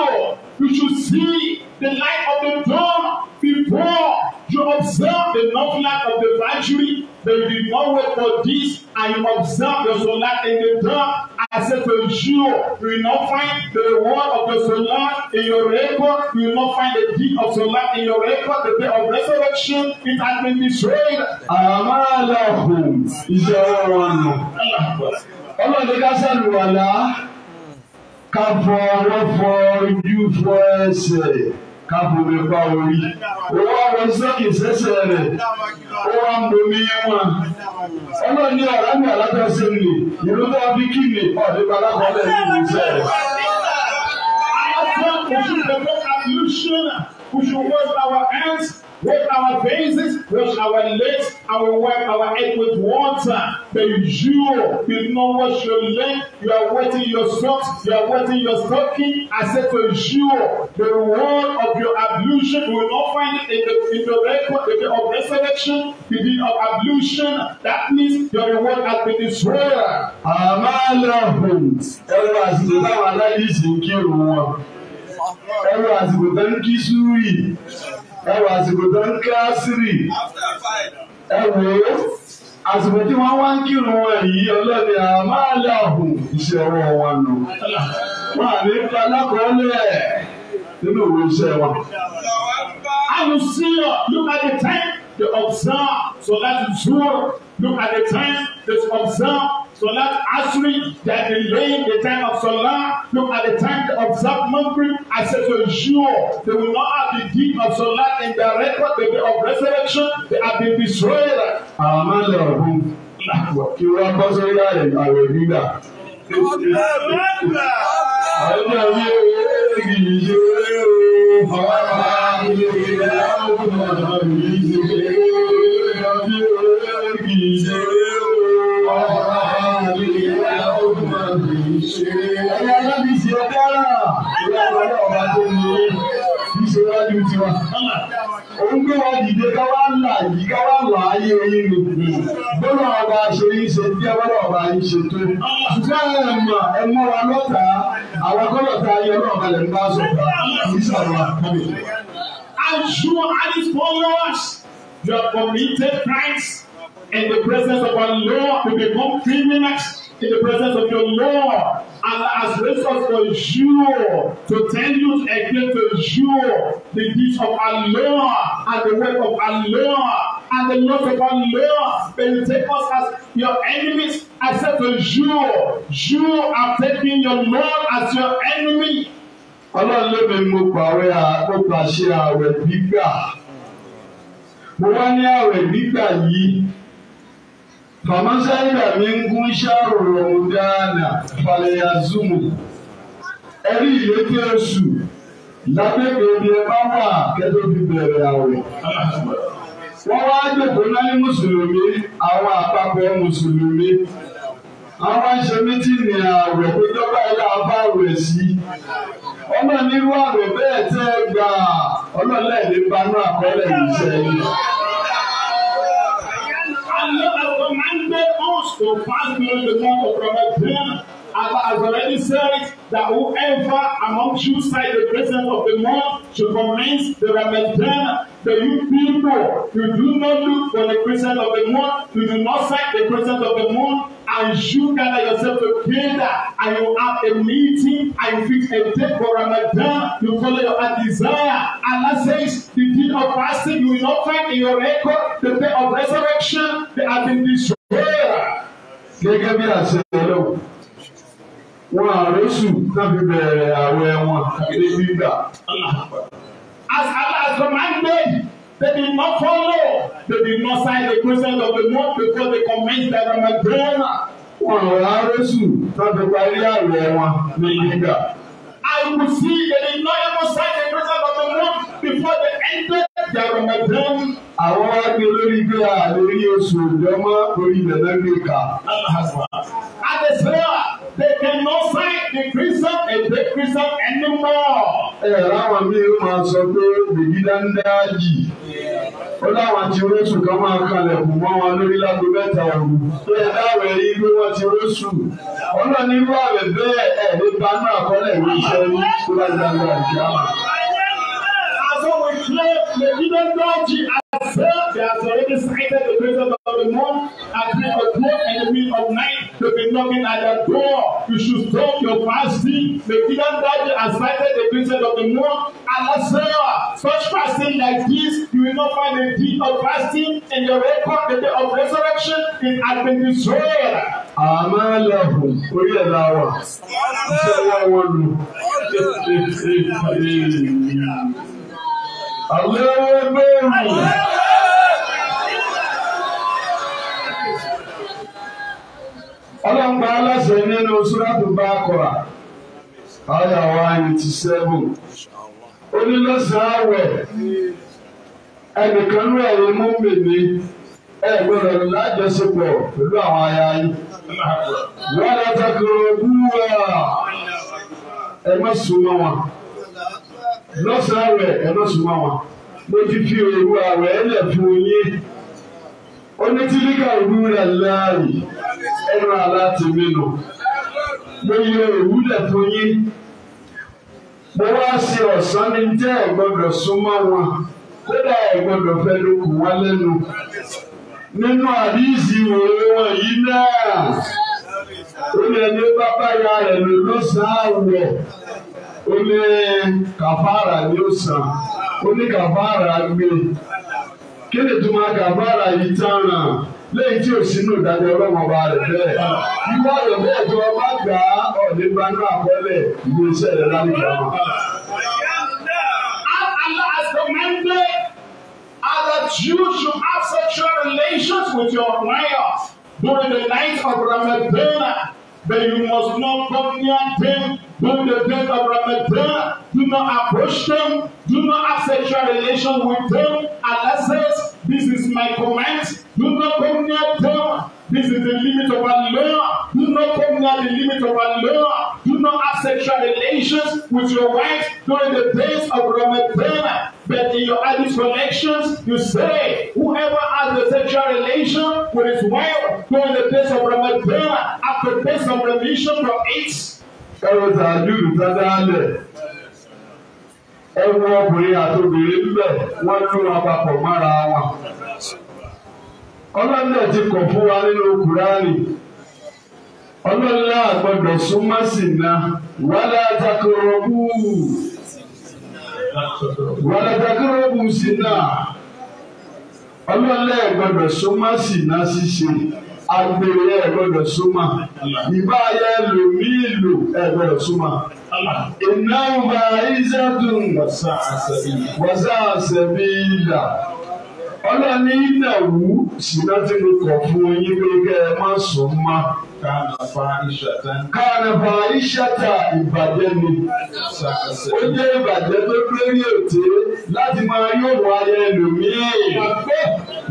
You should see the light of the dawn before you observe the north light of the victory. Then you know where for this and you observe the sunlight in the dark. I said to you, you will not find the word of the Solar in your record. You will not find the deed of Solar in your record. The day of resurrection, it has been destroyed. Àmàlàhùn ìjọ wọn nù. Ọlọ́dẹ ká sàlùwàlá, ká fọ ọwọ́ fọ ojú fọ ẹsẹ̀ kábòmí pa orí ó wá wọ sókè sẹ́sẹ̀ rẹ̀ ó wá ń bomi wọn ọlọ́ọ̀ni ọ̀rá ní alájọsìn nì ìlú tó bí kí ni ọ̀dẹ́ balákọ̀ọ́lẹ̀ ní ìlú sẹ́yìn. We should work our hands With our faces, with our legs, and we wipe our head with water. But you, you know what your leg, you are wetting your socks, you are wetting your stocking. I said to you, the reward of your ablution will not find it in the, in the record in the, of resurrection, the deed of ablution. That means your reward has been destroyed. Àmàlàhùn, ẹ̀rọ àṣìṣe táwọn aláìsí ń kírun wọn. Ẹ̀rọ àṣìṣe kí sùúrì ẹ wọ àsìkò tó ń kí àṣírí ẹ wò ó àsìkò tí wọ́n wá ń kírun wọn yìí ọlọ́ni àmàlàhùn iṣẹ́ ọwọ́ wọn nù wọn à ní pa lákọọ́lẹ̀ nínú òwe iṣẹ́ wa. I will see you. Look at the time they observe. So that is sure. Look at the time they observe. Salat Asri, that delaying the time of Salah, look at the time to observe Maghrib, I said for sure, they will not have the deed of Salah in their record, the day of resurrection, they have been destroyed. Àmọ́ lè ọ̀hún kí wọ́n bọ́ sórí àwẹ̀ gbígbà. Àwọn náà yé o, kì í ṣe o, àwọn bá ilé ìlà àwọn ọmọ yìí ṣe o, kì í ṣe o. ẹ̀yà alábìsí ọ̀dẹ́ àrà ìwé àwọn ọba tó ń lò ìṣe wájú tiwa. Òun gbé wa dìde ká wá là yìí ká wá là ayé oyin lò. Bọ́lá ọba aṣọ yìí ṣe bí abọ́lá ọba yìí ṣe tó. Ṣùgbọ́n ẹ̀ mọ̀ ẹ wa lọ́ta àwọn kọ́lọ̀ tá a yọ náà balẹ̀ ń bá sọ kì í sọ̀rọ̀ àkọ́lẹ̀. I'm sure and his followers you have committed crimes in the presence of our Lord to become criminals in the presence of your Lord and as raised us for you to tell you again to you the deeds of Allah and the work of Allah and the laws of Allah may you take us as your enemies I said to you you have taking your Lord as your enemy. Ọlọ́run ló bẹ mo pàwé àkókò àṣẹ àwẹ̀ gbígbà mo wá ní àwẹ̀ gbígbà yìí. فمن شهد منكم شهر رمضان فليصمه ẹrí ìlékè oṣù lágbègbè ibi ẹ̀fá wà kẹ́tọ́ fi bẹ̀rẹ̀ àwẹ̀. wọ́n wá jòkó náà ní mùsùlùmí àwọn àpapọ̀ mùsùlùmí. àwọn wá ń ṣe mítìnì àwẹ̀ pé dọ́gba ilé afá rẹ̀ sí. ọlọ́ọ̀nirú àwẹ̀ bẹ́ẹ̀ tẹ́ gbà ọlọ́ọ̀lẹ́ẹ̀lẹ́ banú àkọọ́lẹ̀ yìí sẹ́yìn. will pass beyond the cup of Ramadan. Allah has already said that whoever among you cite the presence of the Lord should commence the Ramadan. The you people, you do not look for the presence of the moon, you do not cite the presence of the moon, and you gather yourself together, and you have a meeting, and you fix a date for Ramadan, you follow your desire. Allah says, the deed of fasting, you will not find in your record the day of resurrection, they have been destroyed. gẹ́gẹ́ bí àṣẹ ọlọ́run wọn àròsù tàbí bẹ̀rẹ̀ àwẹ̀ wọn àti gbígbà. As Allah commanded, they did not follow, they did not sign the consent of the month before they commenced their Ramadan. Wọn àwọn àròsù tàbí parí àwẹ̀ wọn ní gbígbà. I will see they did not even sign the presence of the moon before they enter their Ramadan. Àwọn akẹ́ lórí gbé àlórí oṣù ìjọmọ́ orí ìdẹ̀lẹ́ gbé ká. At the prayer, they cannot sign the prison and the prison anymore. Ẹ̀rọ àwọn mi máa sọ pé bèbí dáńdá yìí ó láwọn ti róṣù kan máa kalẹ̀kùn mọ́ wọn lórí lágbo mẹ́ta òru pé ẹ̀dáwẹ̀ rí pé wọ́n ti róṣù ọlọ́ọ̀ni irú àwẹ̀ bẹ́ẹ̀ ẹ̀ lè banú àkọọ́lẹ̀ ìwé iṣẹ́ yìí tó bá dáná àjá also declared the hidden God as well. They have already cited the presence of the moon at 3 o'clock and the middle of night. To be knocking at the door. You should stop your fasting. The hidden God has cited the presence of the moon at as well. Such fasting like this, you will not find the deed of fasting and your record the day of resurrection in Adventist Israel. Àmàlẹ́hùn orí ẹ̀dá wa, ṣé wọ́n wọ́n lù? Allahu Akbar. Ọlọ́pàá aláṣẹ nínú Súrátù Bákọ̀rà, àyà wa ni ti sẹ́gun. Onílọ́sàn-án àwẹ̀, ẹnìkan ní ẹ̀yìn mú mèmí ẹ gbọ́dọ̀ lájọṣepọ̀ pẹ̀lú àwọn aya yín. Wọ́n lọ takùrọ̀ búwa. Ẹ má sùn mọ́ wọn lọ́sàn-án àwẹ̀ ẹ lọ sùn máa wà mo ti fi òru àwẹ̀ ẹ lẹ̀ fún yín onítìlíkà òru rẹ̀ láàyè ẹnu àlá ti mí nù mo yẹ òru lẹ̀ fún yín mo wá sí ọ̀sán ní jẹ́ ẹ̀gbọ́dọ̀ súnmọ́ wọn kódà ẹ̀gbọ́dọ̀ fẹ́ ló kù wá lẹ́nu nínú àdìsí òwe wọn yìí náà ó lè ní bàbá ya rẹ̀ lò lọ́sàn-án àwẹ̀ ó ní kàfàrà ní ó sàn ó ní kàfàrà gbé kí ni tó máa kàfàrà yìí tán ràn lẹ́yìn tí ò sínú ìdájọ́ ọlọ́run rẹ̀ bẹ́ẹ̀ ìwọ ọ̀rọ̀ bẹ́ẹ̀ tó o bá gbà á ọ̀dẹ́ gbanú àkọọ́lẹ̀ ìwé iṣẹ́ rẹ̀ lálùjọ wọn. should have sexual relations with your wife during the night of Ramadan, but you must not come near them During the days of Ramadan, do not approach them, do not have sexual relation with them. Allah says, This is my command. Do not come near them. This is the limit of Allah. Do not come near the limit of Allah. Do not have sexual relations with your wife during the days of Ramadan. But in your hadith collections, you say, whoever has a sexual relation with his wife during the days of Ramadan, after the days of remission from it, ẹwọ sàdúrù sádàálẹ ẹwọ ọkùnrin àtòbìnrin ńbẹ wọn lù wọn papọ̀ mọ́ra wọn. ti kọ̀ fún wa nínú kùránì ọlọ́lá àgbọ̀dọ̀ súnmọ́ sìnà wàlá takọ̀rọ̀bù wàlá takọ̀rọ̀bù sìnà ọlọ́lá àgbọ̀dọ̀ súnmọ́ ṣíṣe. agbèrè ẹ gbọ́dọ̀ súnmọ́ ìbá ayé lò mí lò ẹ gbọ́dọ̀ súnmọ́. iná ọba ìṣẹ́dùn wàsá àṣẹbí ìlà ọlọ́ni ìdàwú ṣìlá tí mo kọ̀ fún yín pé kẹ́ ẹ má sùn mọ́. Kánàfà ìṣàtà ìbàjẹ́ ni. Ó jẹ́ ìbàjẹ́ tó lórí òté láti máa yóò wáyé lòmíì.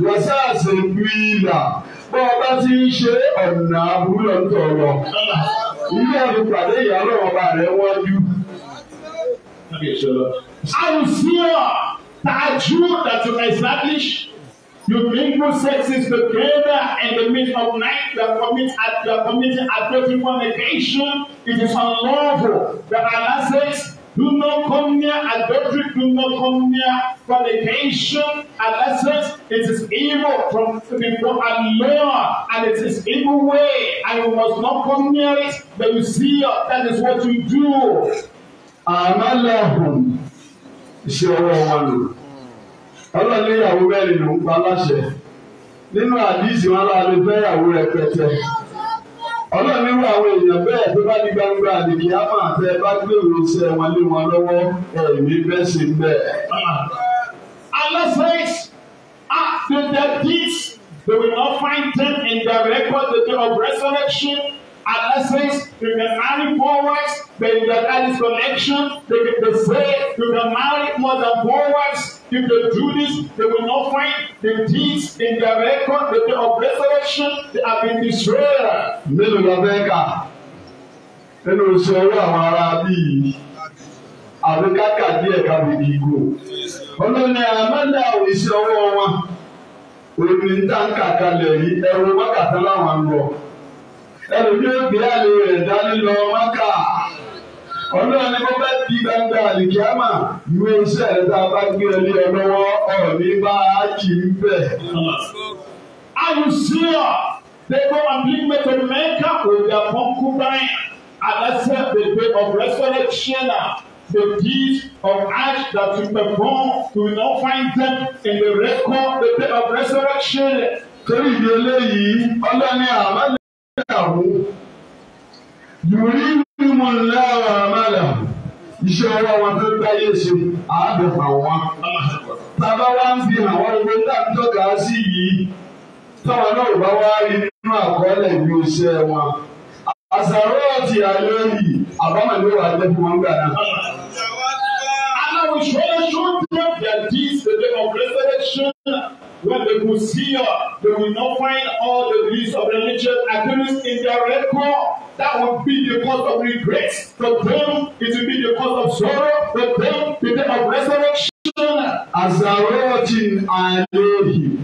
Wàsá àṣẹbí ìlà bọ́ ọ bá ti ń ṣe ọ̀nà àbúrò ń tọ̀ Ilé ọ̀dùn pàdé ìyàwó ọba rẹ̀ wájú. How fear that you that you establish your equal sexes together in the midst of night that commit at that committing adultery fornication it is unlawful that Allah says Do not come near adultery. Do not come near fornication. Adulteress, it is evil from before Allah, and it is evil way, and you must not come near it. But you see, that is what you do. Àmàlẹ́hùn ṣe ọwọ́ wọn lò. Ọlọ́run ní ìyàwó mẹ́rin ló ń pa láṣẹ. Nínú àdìsí wọn lára lè fẹ́ ìyàwó rẹpẹtẹ ọlọ́run nírú àwọn èèyàn bẹ́ẹ̀ tó bá ní gbangba àdìgí àmọ́ àtẹ bá gbèrò iṣẹ́ wọn lé wọn lọ́wọ́ ẹ̀mí bẹ́ẹ̀ ṣe bẹ́ẹ̀. Allah after their deeds, they will not find them in their record the day of resurrection. At essence, you can marry four wives, but you can have this connection. They can they say you can marry more than four wives. If they do this, they will not find the deeds in their record, the day of resurrection, they have been destroyed. Mélòó la bẹ́ẹ̀ kà? Nínú ìṣòro àwọn ará bíi àbí káka díẹ̀ kábi ìgò. Olórí Amanda ò ní sí ọwọ́ wọn. Òní ń tà ń kà kalẹ̀ yìí, ẹ̀rù wákàtí láwọn ń lọ ẹlòmí ó àlè rẹ̀ dání lọ ọlọ́run ni mo bá di gbangba àlìkíámà ìwé iṣẹ́ rẹ̀ tá a bá gbé ẹ lé ọ lọ́wọ́ ọ̀rọ̀ ní bá a kì í bẹ̀. Are you sure they go and bring me to Mecca with their concubine and accept the day of resurrection the deeds of Ash that you perform you will not find them in the record the day of resurrection. torí ìdí eléyìí ọlọ́ni àmàlẹ́ ìyàwó yòrí mímu lára àmàlà iṣẹ́ ọwọ́ wọn tó ń báyé ṣe àádọ́fà wọn. bàbá wa ń fi àwọn owó dáńtọ́ka sí yìí táwọn náà bá wá rí nínú àkọọ́lẹ̀ ìlú iṣẹ́ wọn. àṣàrò ọ̀tí àlọ́ yìí àbámọ̀ ló wà lẹ́fún wọn gbà náà which follow should drop their deeds the day of resurrection. When they could see her, they will not find all the deeds of religious activities in their record. That would be the cause of regret. For them, it will be the cause of sorrow. For them, the day of resurrection. As I I wrote in Azarotin Alehi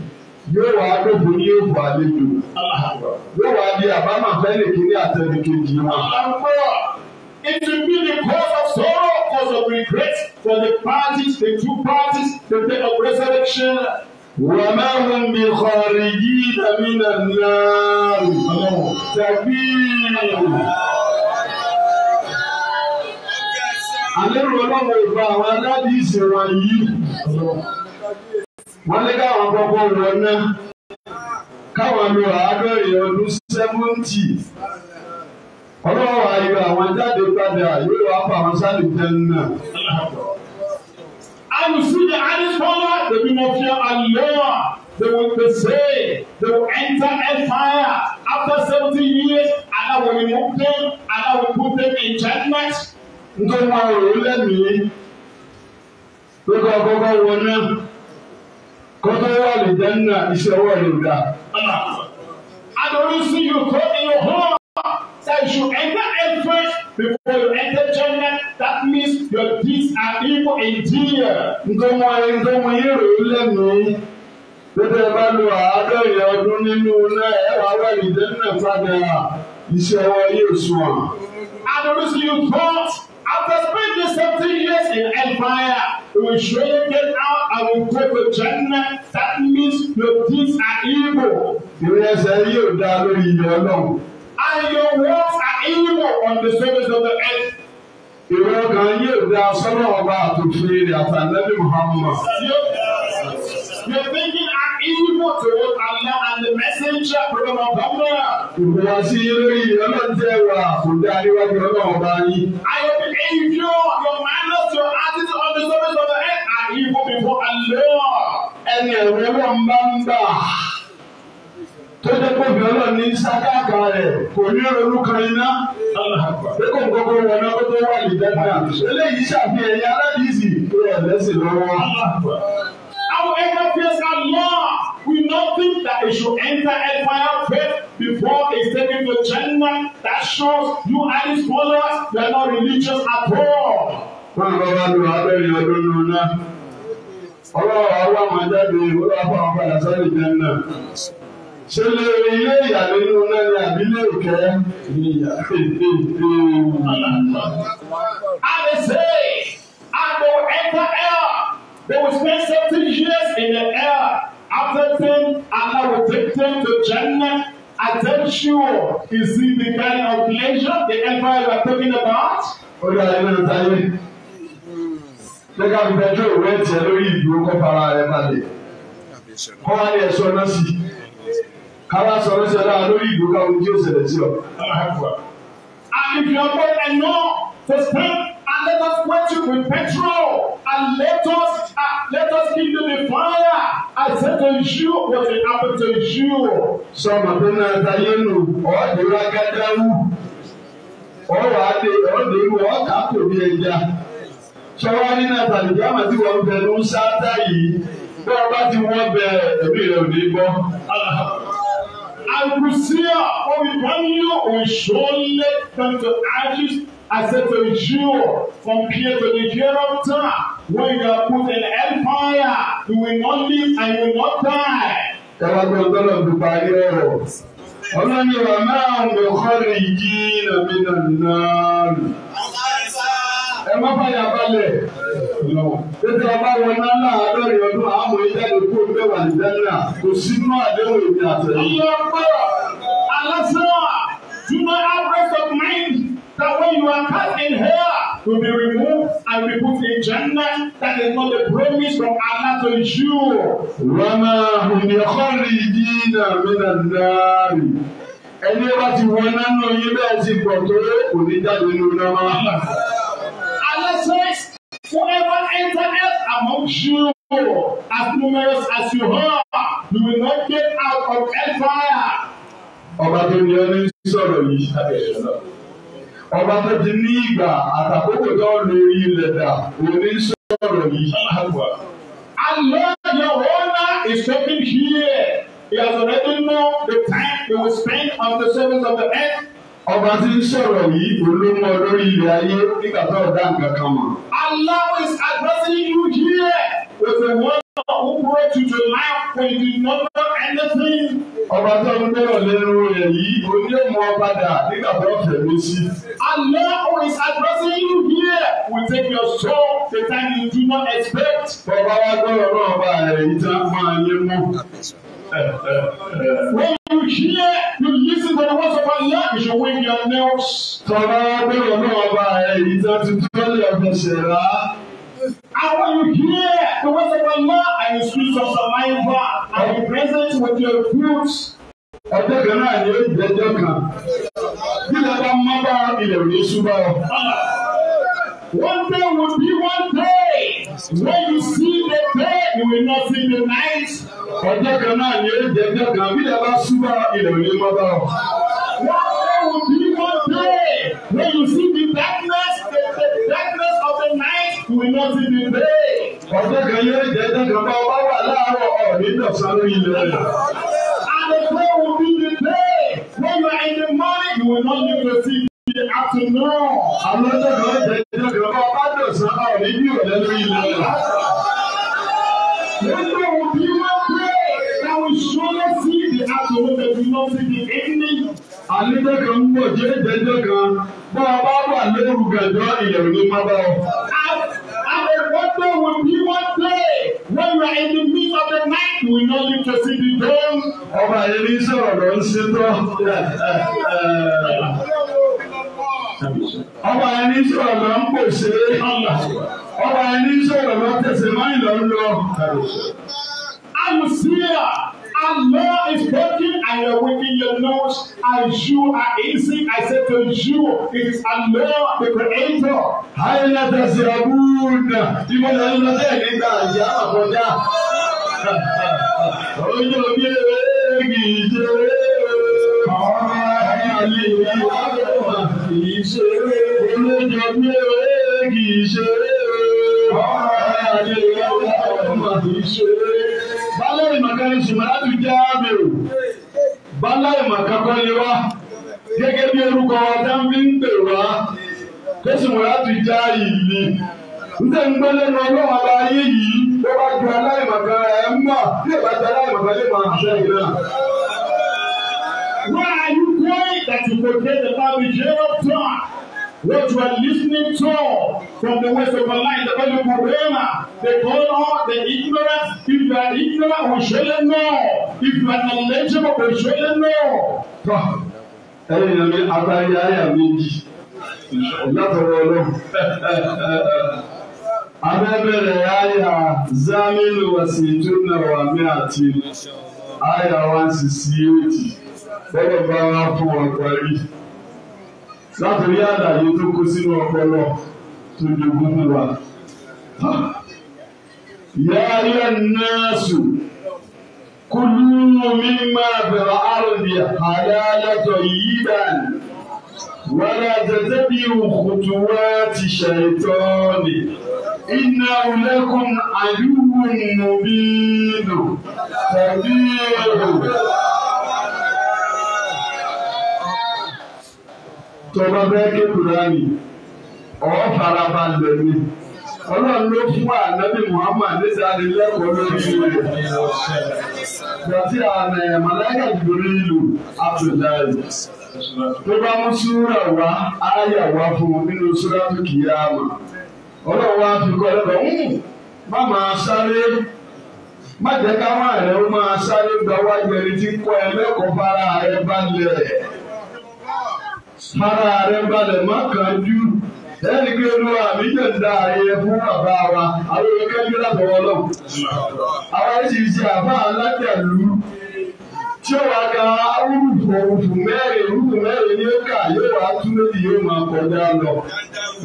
yóò wá gbogbo ní òkú àlejò yóò wá di àbámọ̀ fẹ́lẹ̀ kiri àtẹnikejì wọn. It will be the cause of sorrow, cause of regret for the parties, the two parties, the day of resurrection. وما هم بخارجين من النار سبيل àlérò ọlọ́run ìgbà àwọn aládìsí wọn yìí wọ́n ní káwọn kọ́kọ́ wọ̀ náà káwọn lo àádọ́rin ọdún sẹ́fúntì ọlọ́wọ́ ayọ àwọn jáde padà yóò wá fún àwọn sáré jẹun náà. Alusida Adesola, the people of Allah, they will be saved, they will enter hellfire after seventy years, Allah will remove them, Allah will put them in judgment. Nítorí wọn ò rí lẹ́mìí, lókè ọkọ̀ọ̀kọ̀ wọn náà, kọ́tọ́ wà lè jẹ́ nínú àìṣẹ́wọ́ rẹ̀ dá. Adorí sí yòókó ìyókó. So you should enter in first before you enter China. That means your deeds are evil in dear. Ntọ́mọ ntọ́mọ yìí rò ó lẹ́nu. Gbogbo ẹ bá lo àádọ́rin ọdún nínú náà ẹ wá wá ìdẹ́nà padà. Iṣẹ́ ọwọ́ yóò sùn à. And also you thought after spending seventeen years in empire, you will surely get out and will go to China. That means your deeds are evil. Ìrẹsẹ̀ yóò dá lórí ilẹ̀ ọlọ́run and your words are evil on the surface of the earth. Ìwé ọkàn yé ìdí asọ́nà ọba àtòfin rẹ̀ àtàlẹ́bí Muhammad. You are thinking an evil toward Allah and the messenger Prophet Muhammad. Ìwé àti ilé yìí ọlọ́dẹ wa kò dé àríwájú ọlọ́run bá yín. I will be impure your manners your attitude on the surface of the earth are evil before Allah. Ẹni ẹ̀rọ ẹ̀rọ ń bá ń bà tó jẹ́ kó bí ọlọ́run ní sákàkà rẹ̀ kò ní ronú kan iná pé kò gbogbo wọn náà kó tó wà ní dẹ́gbà eléyìí ṣàfihàn ẹ̀yà aládìsí rẹ̀ lẹ́sìn lọ́wọ́. However, fears Allah we not think that it should enter hellfire faith before it's taken to Jannah. That shows you are his followers, you are not religious at all. Wọ́n lọ bá lu abẹ́rẹ́ ọdún nù náà. Ọlọ́run àwọn àmọ́ jáde ìwúrọ̀ àpò àwọn padà sọ́dọ̀ Jannah ṣe lè ilé ìyá nínú àbílẹ̀ òkè ní ìyá pèpè And they say, I they will enter air. They will spend seventy years in the air, After them, Allah will take them to Jannah. And then sure, you see the kind of pleasure the empire you are talking about. Ó dà nínú táyé. Lẹ́ka fi pẹ́jọ́ ìwé ẹ̀tì ẹ̀ lórí ìlú kọ́ fara rẹ̀ balẹ̀. Kọ́ wá ní ẹ̀ṣọ́ náà sí i káwá sọ̀rọ̀ sí lórí ìlú káwọn ojú òṣèlè sí ọ. And if you are born enough to spend, and let us wet you with petrol and let us uh, let us give you the fire I said to you what will happen to you. Sọ̀rọ̀ pé náà táyé nù ọ̀ọ́dúnrún agádáwù ọ̀rọ̀ adé ọ̀ọ́dúnrún ọ̀ọ́kà kò ní ẹja. Sọ̀rọ̀ wá nínú àtàlùjọ́ àmàtí wọ́n bẹ̀rù ń sáátá yìí bí wọ́n bá ti wọ́n bẹ̀ ẹ̀mí rẹ̀ ò ní bọ́ and Busia, for Vitania, will surely come to ashes as a Jew compared to the hereafter, when you are put in empire, you will not live and you will not die. Kala gbọ́ gbọ́dọ̀ dùgbà ayé ọ̀rọ̀. Ọlọ́run yóò wá máa ń lọ kọ́rin yìí nàbí nàbí náà ẹ má fàyà balẹ̀ tètè ọba wọn náà láàádọ́rin ọdún àwọn ìjáde kó bẹ́ẹ̀ wà ní dáníà kò sínú àdéhùn èmi àtẹ̀yìn. ìyá ọgbọ́rọ̀ alásánwà do not have rest of mind that when you are cut in hell to be removed and be put in Jannah that is not a promise from Allah to you. wàmà òní ọkọ̀rì yìí mi nà nàárì. ẹni bá ti wọ náà yín bẹ́ẹ̀ ti pọ̀ tó òní jáde nínú náà says, Whoever entereth among you as numerous as you are, you will not get out of hellfire. Ọba tó ní ọdún sọ̀rọ̀ yìí ọba tó ti ní ìgbà àtàkókò tó lórí ilẹ̀ dà òní sọ̀rọ̀ yìí. Allah your owner is taking here. He has already known the time he will spend on the service of the earth. Ọba tí ń sọ̀rọ̀ yìí olómọ lórí ilẹ̀ ayé nígbà tó ọ̀dá nǹkan kan mọ̀. Allah is addressing you here with a word who brought you to life when you did not know Ọba tó ń bẹ̀rọ̀ lẹ́nu rẹ̀ yìí oní padà nígbà tó fẹ̀mí sí. Allah is addressing you here will take your soul the time you do not expect. Bọ̀dá wa gbọ́dọ̀ náà bá rẹ̀ yìí tán máa yé mú. When you hear, you listen to the words of Lord. you should win your nails. Tọ́lá bẹ̀rẹ̀ náà bá ẹ̀yìn tó ti tọ́lẹ̀ ọ̀gbẹ̀sẹ̀ rà. And when you hear the words of Allah and the streets of saliva and the presence with your fruits. Ọjọ́ kan náà ni ó jẹ́jọ́ kan. Bí ìjọba máa bá ilẹ̀ òní ṣúgbọ́n. One day will be one day. When you see the day, you will not see the night. Ọjọ́ kan náà ni ó jẹ ọjọ́ kan, bí ẹ bá ilẹ̀ òní mọ́ One day will be one day. When you see the darkness, the, the darkness of the night, you will not see the day. Ọjọ́ kan yóò jẹ ọjọ́ kan bá wà láàárọ̀ ọ̀rí dọ̀sán ilẹ̀ rẹ̀. And the day will be the day. When you are in the morning, you will not be able to ibi àti náà. Àwọn ọjọ́ kan jẹ́ ìjọba ọba bá dọ̀sán ọ̀rọ̀ níbi ìrọ̀lẹ́ lórí ilẹ̀ rẹ̀. Nígbà wo bí wọ́n pé káwọn ṣọ́lá sí ibi àti owó tẹ̀sí náà sí ibi ẹni. Àlejò kan ń bọ̀ jẹ́ ìjẹ́jọ́ kan bá a bá wà lóru gàdọ́ ìyẹ̀wò ní má bá ọ. Àbẹ̀fọ́tò wo bí wọ́n pé when we are in the midst of the night, we no need to see the dawn. Ọba yẹn ní sọ̀rọ̀ ló ń ṣe tán ọba ẹni sọ̀rọ̀ lọ ń pèsè ọba ẹni sọ̀rọ̀ lọ tẹ̀sí máyì lọ ń lọ. Amusira, Allah is working and you are within your nose As you are easy. I say to you, it is Allah, the creator. Àyìnlá tẹ̀sí àbúrò ìmọ̀lẹ̀ ńlá tẹ̀ nígbà ìyá àbọ̀dá. Oye omi ewé kìí jẹ́ ọ̀rọ̀ ayé ìyá àbọ̀dá kì í ṣeré olójó mi ò é kì í ṣeré ọ̀rọ̀ àti ìyàwó ọ̀rọ̀ kì í ṣeré. bálẹ̀ ìmọ̀ká ni sùmọ́láàbì jẹ́ àmì o bálẹ̀ ìmọ̀ká kọ́ ni wá gẹ́gẹ́ bí orúkọ wa dáńbí ń pè wá kí sùmọ́láàbì jẹ́ ìlì ǹjẹ́ ń gbélé ní ọlọ́run ọba ayé yìí ló bá ju aláìmọ̀kan ẹ̀ ń mọ̀ bí ìbájú aláìmọ̀kan lè máa ṣe ìlànà. Why are you going that you forget the family of God? What you are listening to from the west of the line, the Bible poema, they call out the ignorance. If you are ignorant, we shall know. If you are knowledgeable, we shall know. Ẹyin mi abali aya méjì látọ̀rọ̀ ọlọ́run. Abẹ́bẹ̀rẹ̀ aya Zaminu Wasituna Wami àti aya one sixty eight fọlọ́ bá wá fún wọn parí látòrí àdàyé tó kó sínú ọpọlọ tó dogun fún wa. Ya ayyuhan-nasu kulu mimma fil ardi halalan tayyiban wala tattabi'u khutuwati shaytani innahu lakum aduwwun mubin tabi'u. tó bá bẹ́ẹ̀ ké kúránì ọ̀ farabalẹ̀ ni ló fún ànábì Muhammad níta ni lẹ́kọ̀ọ́ lórí rẹ̀ gbàtí àná màláyà ìlú tó bá mú súra wá àyà wá fún nínú súra tó kì í wá fi ẹ ń má máa sáré má káwọn àrẹ ó máa sáré gbà Fara rẹ̀ balẹ̀ má kánjú. Ẹni pé olúwa mi yọ̀ǹda ayẹyẹ fún bàbá wa, àwọn èèyàn kẹ́jú látọwọ́ lọ́wọ́. Àwọn oríṣiríṣi àbá alátẹ̀lú tí ó wá ga rúùfù òfù mẹ́rin rúùfù mẹ́rin ní ọkà yóò wá tún méjì yóò máa kọjá lọ.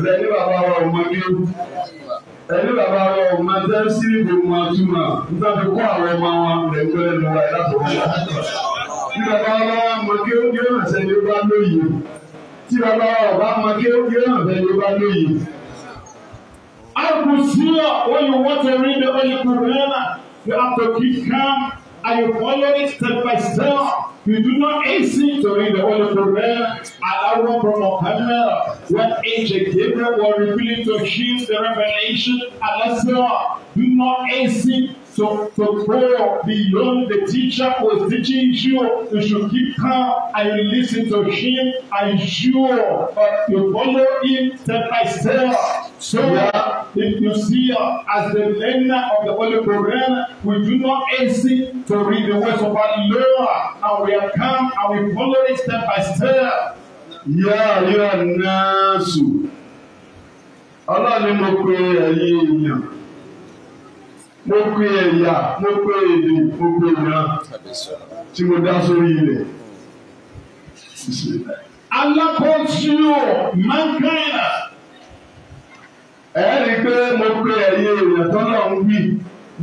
Rẹ̀ ní bàbá wa ò mọ kéwù ẹni bàbá wa ò máa tẹ́ sí ìbomú àtúmọ̀ nígbà tó kọ́ àwọn ọmọ wọn lè ń gbẹ́lẹ́ lọ́wọ́ ẹ̀ látọ̀wọ́ tí bàbá ọba ọmọ kí ó kí ó hàn bẹ́ẹ̀ ló bá lóye. Al-Qur'an, when you want to read the Holy Quran, you have to keep calm and you follow it step by step. You do not hasten to read the Holy Quran. Allah from Muhammad, when angel Gabriel was revealing to him the revelation, Allah said, do not hasten to, to go beyond the teacher who is teaching you. You should keep calm and you listen to him and sure uh, you follow him step by step. So yeah. if you see us as the learner of the Holy Program, we do not hesitate to read the words of our Lord and we are calm and we follow it step by step. Yá àríyá náà sùn, ọlọ́run ni mo pe ẹ̀yin èèyàn mo pe ẹ̀yà mo pe èdè mo pe ìran tí mo dá sórí ilẹ̀. Allah calls you mankind. Ẹ rí i pé mo pe ẹ̀yẹ èèyàn tọ́lá ń wí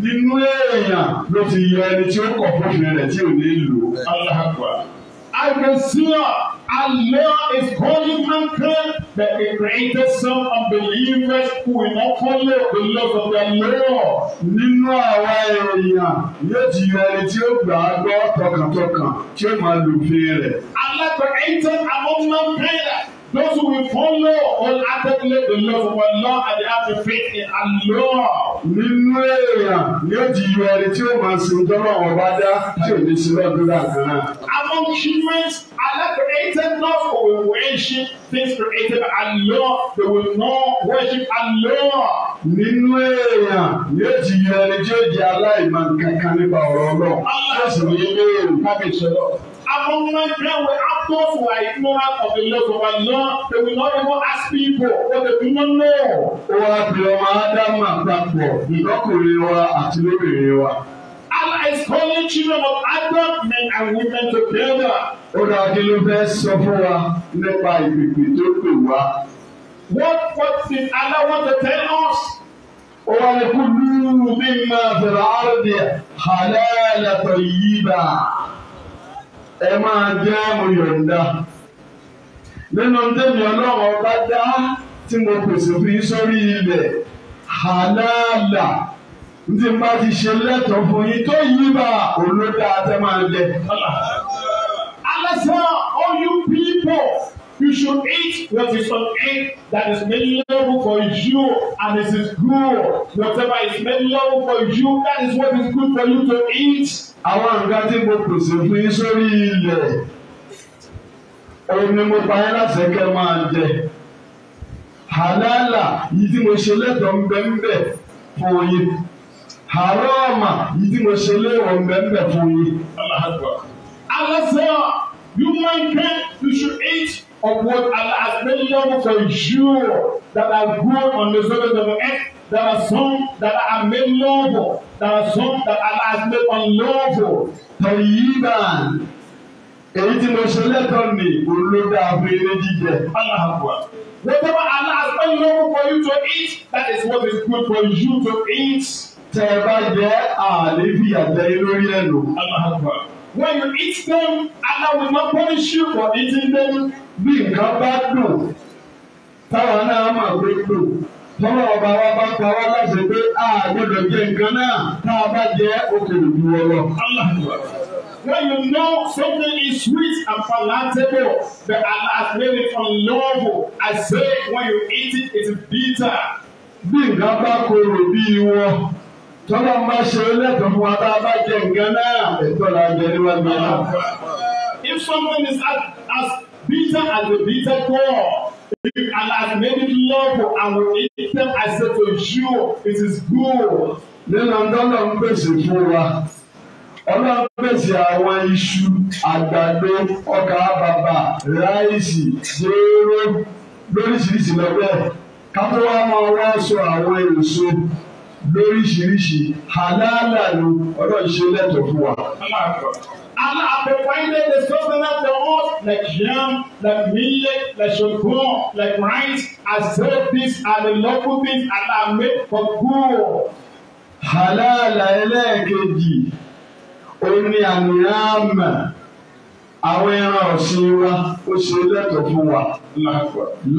nínú èèyàn ló ti yọ ẹni tí ó kọ̀ fún ìrìn rẹ̀ tí ò ní lò. I can see her. Allah is calling mankind that He created some unbelievers who will not follow the laws of the Lord. Nínú àwa èèyàn yóò ti yọ ẹni tí ó gbà á gbọ́ tọkàntọkàn tí ó máa lòfin rẹ̀. Allah created among mankind. Those who will follow all after the love of Allah and they have the faith in Allah. Nínú èèyàn yóò di yọ ẹni tí ó máa sin dọ́rọ̀ wọn bá dá tí ò ní sin lọ́dúnrún àgbọn náà. Among humans, Allah created those for will worship things created by Allah. They will not worship Allah. Nínú èèyàn yóò di yọ ẹni tí ó di aláìmọ̀ kankan nípa ọ̀rọ̀ Ọlọ́run. Allah ṣe ní ilé ìrù kábíyèsí Ọlọ́run among my friends were actors who are ignorant of the love of Allah. They will not even ask people what they do not know. Ó wá bí ọmọ Ádámù àpapọ̀ lọ́kùnrin wa àti lóbìnrin wa. Allah is calling children of adult men and women together. Ó dá kí ló fẹ́ sọ fún wa nípa ìpèpè tó pè wá. What what did Allah want to tell us? Ó wá ní kúlú mímọ́ fẹ̀rẹ̀ àrùn dẹ̀ hàlẹ́ lẹ́tọ̀ yìí bá ẹ máa jẹ́ mo nínú tẹ́mi ọlọ́run ọba dá tí mo pèsè fún yín sórí ilẹ̀ hàlàlà ntí n bá ti ṣe lẹ́tọ̀ọ́ fún yín tó yí bá olódà tẹ́ máa lẹ̀. Alásán all you people. You should eat what is on earth that is made level for you and it is good. Whatever is made level for you, that is what is good for you to eat. Àwọn nǹkan tí mo pèsè fún yín sórí ilẹ̀ òun ni mo pa yín láti ẹ̀kẹ́ máa jẹ. Hàlálà yìí tí mo ṣe lẹ́tọ̀ọ́ ń bẹ ń bẹ fún yín. Hàrọ́ọ̀mà yìí tí mo ṣe léwọ̀ ń fún yín. Allah said, you mankind, you should eat of what Allah has made love for you that are good on the surface of the earth. There are some that are made lawful. There are some that Allah has made unlawful. Tayyiban. Èyí tí mo ṣe lẹ́tọ̀ọ́ ni olódà abúlé jíjẹ. Aláàbùwà. Whatever Allah has made lawful for you to eat, that is what is good for you to eat. Tẹ̀ ẹ bá jẹ́ àléébíyà jẹ́ lórí ẹnu. Aláàbùwà. When you eat them, Allah will not punish you for eating them bí nǹkan bá dùn táwọn náà mà pé dùn tọ́lọ́ ọba wa bá pa wá láṣẹ pé a gbọ́dọ̀ jẹ nǹkan náà tá a bá jẹ okòwò ju ọ lọ. When you know something is sweet and palatable, but Allah made it unlovable. I say when you eat it, it's bitter. Bí nǹkan bá korò bí wọn, tọ́lá ń bá ṣe lẹ́tọ̀ọ́ fún wa bá bá jẹ nǹkan náà, ẹ̀tọ́ la jẹ níwájú náà. If something is as as bitter as a bitter core, If Allah has made it lawful and will eat them, I say to you, it is good. Nínú ọ̀dọ́lọ́ ń pèsè fún wa, ọlọ́run pèsè àwọn iṣu, àgbàdo, ọkà bàbà, ráìsì, jéró lóríṣiríṣi lọ́gbẹ́. Kápẹ́ wa máa wá sọ àwọn èso lóríṣiríṣi, àlàálà ló ọlọ́run ṣe lẹ́tọ̀ọ́ fún wa. Allah a provided the sustenance for us like yam, like millet, like sorghum, like rice. I said these are the lawful things Allah made for poor. Halal ẹlẹ́ẹ̀kejì, ó ní àníyàmà, àwọn ẹran ọ̀sìn wa, ó ṣe lẹ́tọ̀ọ́ fún wa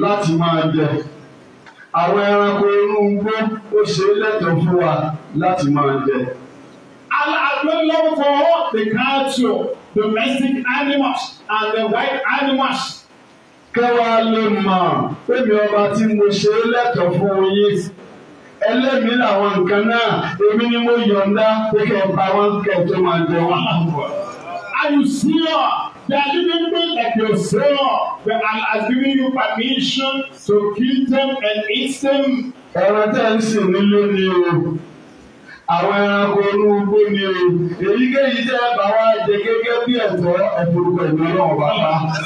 láti máa jẹ. Àwọn ẹranko inú igbó, ó ṣe lẹ́tọ̀ọ́ fún wa láti máa jẹ. Allah has no love for the cattle, domestic animals, and the wild animals. Kẹ́wàá lè mọ̀ pé mi ọba tí mo ṣe é lẹ́tọ̀ọ́ fún yín ẹlẹ́mìí làwọn nǹkan náà èmi ni mo yọ̀ǹda pé bá wọn kẹ́ tó máa jẹ wọn. Are you sure that living being like yourself that Allah has given you permission to kill them and eat them? Ẹ̀rọ tẹ́ ń sìn nílé ni o àwọn ẹranko inú igbó ni o èyíkéyìí tẹ́ ẹ jẹ gẹ́gẹ́ bí ẹ̀tọ́ ẹ̀fọ́rúkọ ìlú ọlọ́run bàbá.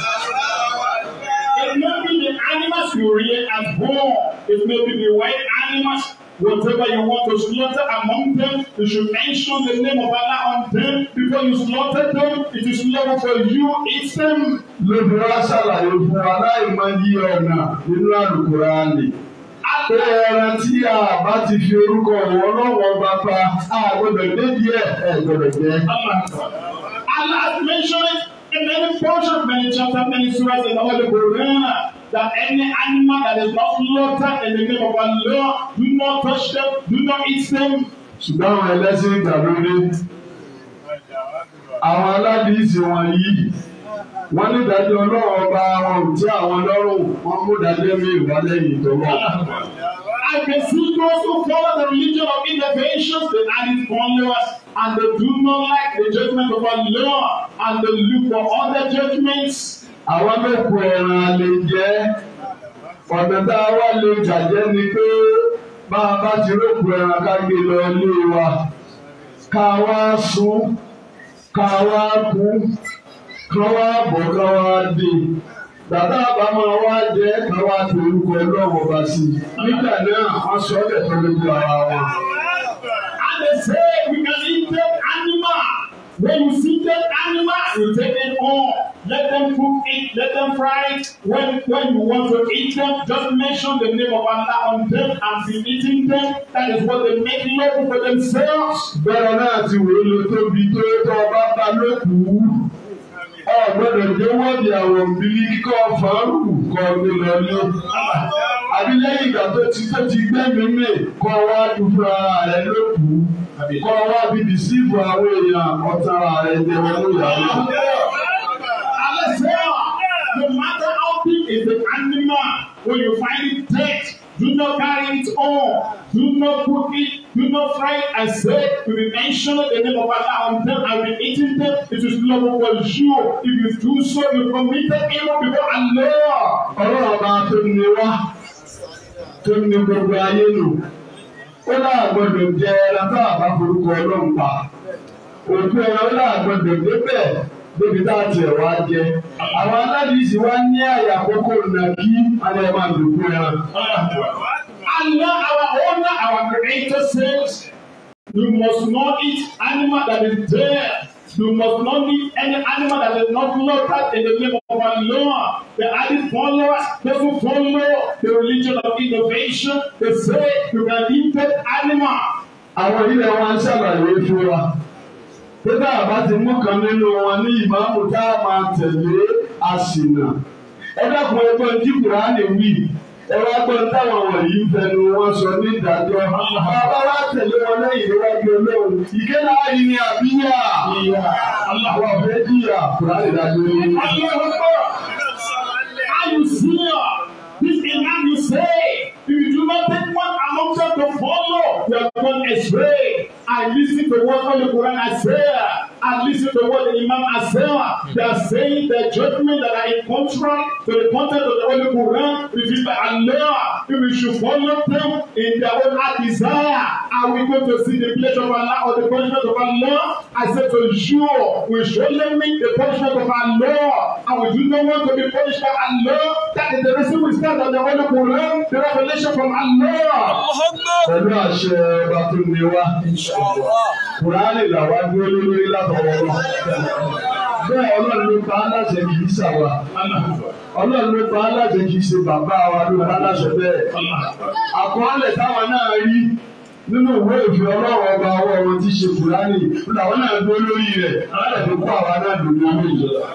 It may be the animals you rear at home. It may be the wild animals. Whatever you want to slaughter among them, you should mention the name of Allah on them before you slaughter them. It is lawful for you eat them. Lóbi wá ṣàlàyé fún aláìmọ̀ ọ̀nà nínú àlùkò rẹ̀ àlè pé ẹran tí a bá ti fi orúkọ wọn lọ́wọ́ bá pa a débi ẹ̀ ẹ̀ jẹ́. Allah has mentioned in many portions many chapters many surahs in the Holy Quran that any animal that is not slaughtered in the name of Allah do not touch them do not eat them. ṣùgbọ́n àwọn ẹlẹ́sìn ìgbàlódé àwọn aládìísí wọn yìí wọ́n ní ìdájọ́ ọlọ́run ọba wọn tí àwọn lọ́rùn wọn mú ìdájọ́ mi wá lẹ́yìn ìtọ́wọ́. I can see those who follow the religion of innovations that are its followers and they do not like the judgment of our Lord and they look for other judgments. Àwọn mẹ́kọ̀ọ́ ẹ̀ràn lè jẹ́ ọ̀nà tá a wá lè jàjẹ́ ni pé bá a bá ti rògbò ẹ̀ràn ká gbé lọ ilé wa ká wá sùn ká wá kú kán wá bọ̀ kán wá dé bàbá àbámọ wa jẹ kán wá fi orúkọ ọlọ́wọ́ bá sí i nígbà náà wọ́n sọ ọ́ lẹ́tọ́ lójú ara wọn. And they say we can eat dead animal. When you see dead animal, you take it home. Let them cook it, let them fry it. When, when you want to eat them, just mention the name of Allah on them and be eating them. That is what they make love for themselves ọ̀gbọ́dọ̀ jẹ́ wọ́ọ̀dì àwọn òbílí kọ́ fàárù kọ́ mi lọ ní ìgbà tó ti tó ti gbẹ́mí mè kọ́ wá dúdú ara rẹ lókù kọ́ wá bíbí síbò àwọn èèyàn ọ̀tá ara rẹ jẹ́ wọn ló yà alẹ́ sẹ́wà no matter how big is the animal when you find it dead. Do not carry it on. Do not cook it. Do not fry it and say, We will mention the name of Allah on them and will eating them. It is lawful for you. If you do so, you commit committed evil before Allah. Ọ̀rọ̀ ọba tó ní wá, tó ní gbogbo ayé lò. Ó náà gbọdọ̀ jẹ ẹran tó àbá forúkọ Ọlọ́run pa. Òkú ẹran náà gbọdọ̀ débẹ̀ débi tá a tiẹ̀ wá jẹ. Àwọn aládìsí wa ní àyà àkókò nà alẹ́ máa dùnkú ẹran. Allah our owner our creator says you must not eat animal that is there. You must not eat any animal that is not slaughtered in the name of Allah. The added followers, those who follow the religion of innovation, they say you can eat that animal. Àwọn ilé wa ń ṣàlàyé fún wa. Tẹ́lá àbá ti mú kan nínú wọn ní ìmáàmù tá a máa tẹ̀lé àṣìnà. Ẹ dákun ẹgbẹ́ tí Kùránì wí. Ẹ wá gbọ́ táwọn wọ̀nyí ń fẹnu wọn sọ ní ìdájọ́. Bàbá wa tẹ̀lé wọn lẹ́yìn níwájú olóhùn. Ìkéde ayé ni àbíyá. Ìyá aláwọ̀ fẹ́ jìyà Kùránì dájú ní. Aláwọ̀ bọ̀. Are you serious? This is how you say. If you do not take one among them to follow, you are gone astray. I listen to what the Quran Isaiah. I listen to what the Imam Isaiah. They are saying the judgment that are in contrary to the content of the Holy Quran revealed by Allah. we should follow them in their own heart desire, are we going to see the pleasure of Allah or the punishment of Allah? I said to you, we surely meet the punishment of Allah. And we do not want to be punished by Allah. That is the reason we stand on the Holy Quran, the revelation from Allah. Pẹ̀lú kùránì làwa dúró lórí látọwọ́ náà bẹ́ẹ̀ ọlọ́run ló pa á láṣẹ kì í ṣàwà ọlọ́run ló pa á láṣẹ kì í ṣe bàbá wa ló pa á láṣẹ bẹ́ẹ̀ àkọọ́lẹ̀ táwọn náà rí nínú ìwé ìfẹ́ ọlọ́run ọba ọwọ́ wọn ti ṣe kùránì làwọn náà dúró lórí rẹ̀ láti fi kó àwa náà dùn ní orí ìjọba.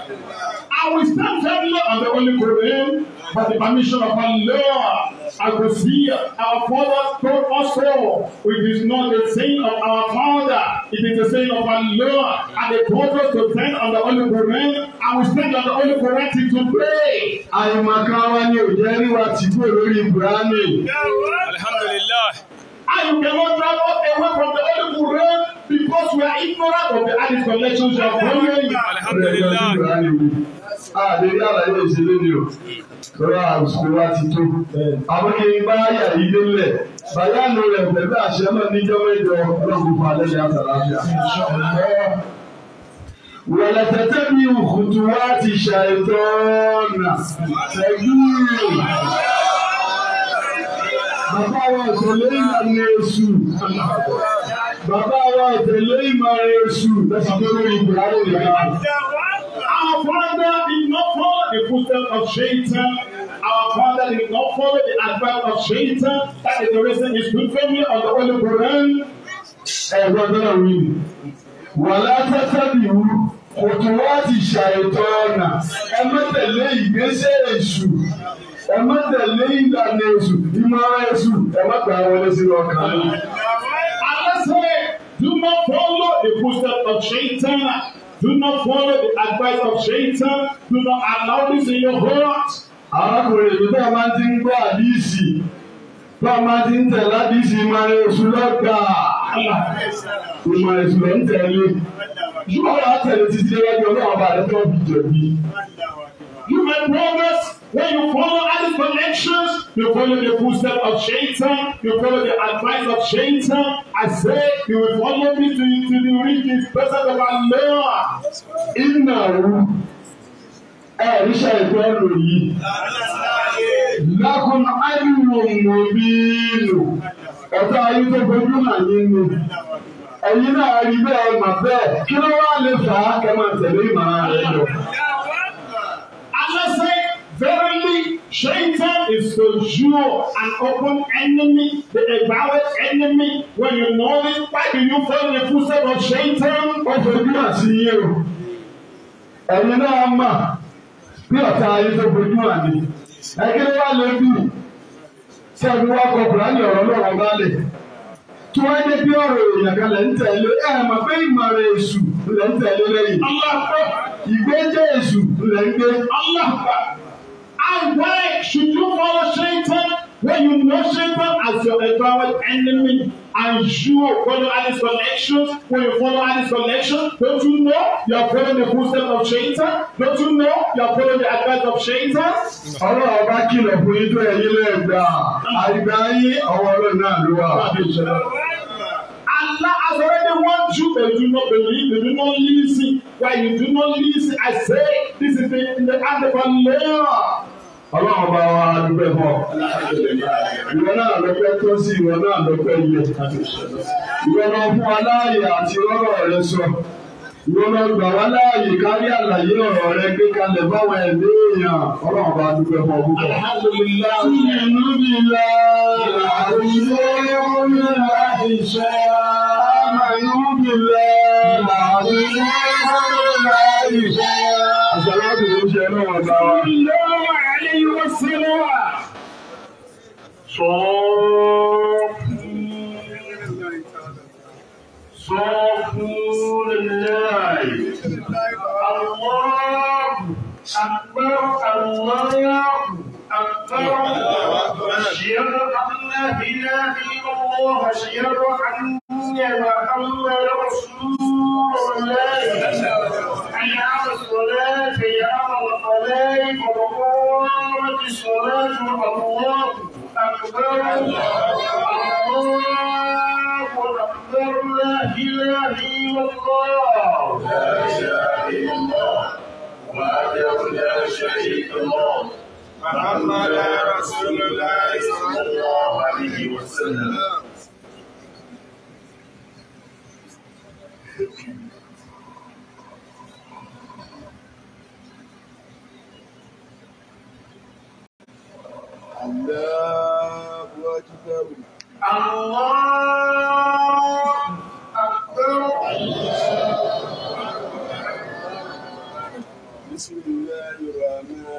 I will stand firmly on the holy ground by the permission of our Lord. I will see our fathers told us so. It is not the saying of our father, it is the saying of our Lord. And the told to stand on the holy ground. I will stand on the holy ground to pray. Àyùmọ̀káwá ni òjẹ́rí wa ti kúrò lórí Ibrahim. Alhamdulilayi. And you cannot travel away from the holy Quran because we are ignorant of the added collections you are following. Alhamdulilayi àlè ah, rí àlàyé ìṣẹ̀lẹ̀ ni o lọ́wọ́ àwùjọ wa ti tó. àwọn kì í bá yà yí délẹ̀ bàyánu rẹ̀ pẹ̀lú àṣẹ náà níjọ́ mẹ́jọ ọlọ́run fún alẹ́ ní àtàlàfíà. ولا تتبعوا خطوات الشيطان سبيل bàbá wa tẹ̀lé ìlànà èṣù bàbá wa tẹ̀lé ìmọ̀ èṣù lọ́sàbẹ̀rẹ̀ ìgbàlódé náà. our father not follow the footsteps of Satan. Our father did not follow the advice of Satan. That is the reason for me. On the Holy Quran. Ẹ̀rọ náà rí mi. Wàlá tẹ́tẹ́ mi wú. Kòtò wá ti ṣàìtọ́ ọ̀nà. Ẹ má tẹ̀lé ìgbésẹ̀ èṣù. Ẹ má tẹ̀lé ìlànà èṣù. Ìmọ̀ràn èṣù. Ẹ má gbà wọlé sínú ọkàn. Alẹ́ sẹ́yìn, do not follow the footsteps of Satan. Do not follow the advice of Satan. Do not allow this in your heart. Arákùnrin èdè tó a máa ti ń gbọ́ àdíìsì tó a máa ti ń tẹ̀ ládìísì máa rẹ̀ oṣù lọ́gbà. Ìmọ̀ èṣù lọ ń tẹ̀lé. Yóò wá tẹ̀lé títí ẹgbẹ́ ọlọ́run bá rẹ̀ tó bìjẹ̀bi. You may promise. When you follow other connections, you follow the footsteps of Shaitan, you follow the advice of Shaitan, I say, you will follow me to, to the riches presence of Allah. Inna ẹ̀rí ṣàìpẹ́ lòyìn. Lákùn àdìwòmò bí lò. Ọ̀tá ayé tó fojú hàn yín ni. Ẹ̀yin náà rí bẹ́ẹ̀ mà bẹ́ẹ̀. Kí ló wá lè fà á kẹ́ máa tẹ̀lé ìmọ̀ràn rẹ̀ lọ? Alẹ́ sẹ́yìn. Verily, Satan is the sure an open enemy, the avowed enemy. When you know it, why do you follow the footsteps of Satan? And you know, Ọ̀pọ̀ ojú àṣeyẹ o, ẹ̀yin náà mà bí ọ̀tá ayé tó bojú àná. Ẹgbẹ́ wa lè dù tí ẹ̀mí wa kọ Bùránì you are bá lè. Tí wọ́n dé bí ọ̀rọ̀ èèyàn kan lẹ́ ń tẹ̀lé ẹ̀ mà pé ìmọ̀ràn èṣù lẹ́ ń tẹ̀lé lẹ́yìn. Ìgbé jẹ́ èṣù lẹ́ ń gbé. And why should you follow Satan when you know Satan as your avowed enemy? And you follow all his connections. When you follow all his connections, don't you know you are following the footsteps of Satan? Don't you know you are following the advice of Satan? Ọlọ́run ọba kìlọ̀ fún yín tó ẹ̀yin lè gbà. Àìgbà yín ọwọ́ ọlọ́run náà ló wà. Allah has already warned you that you do not believe, you do not listen. Why you do not listen, I say this is the, in the hand of Allah ọlọ́run bá wa dúpẹ́ bọ̀ ìwọ náà lọ́pẹ́ tó sí ìwọ náà lọ́pẹ́ yẹ ìwọ náà fún wa láàyè àti ọ̀rọ̀ rẹ sọ ìwọ náà gbà wá láàyè kárí àlàyé ọ̀rọ̀ rẹ gbé kalẹ̀ báwọn ẹ̀mí èèyàn ọlọ́run bá dúpẹ́ bọ̀ púpọ̀. ìlú mi la ìlú mi la ìṣe àmàlú mi la ìlú mi la ìṣe. àṣàlọ́ àti ìṣe náà wà dára. صافين صافون الله الله أكبر الله أكبر أشهد أن الله أشهد محمد رسول الله حي على الصلاة يا الخلائق وقامت الصلاة الله أكبر الله أكبر لا إله إلا الله لا إله إلا الله وحده لا شريك له محمد رسول الله صلى الله عليه وسلم Thank you. Allah waci tafi. Allah waci tafi. Abdullahi ya saba. Alhamdulilayhi lallai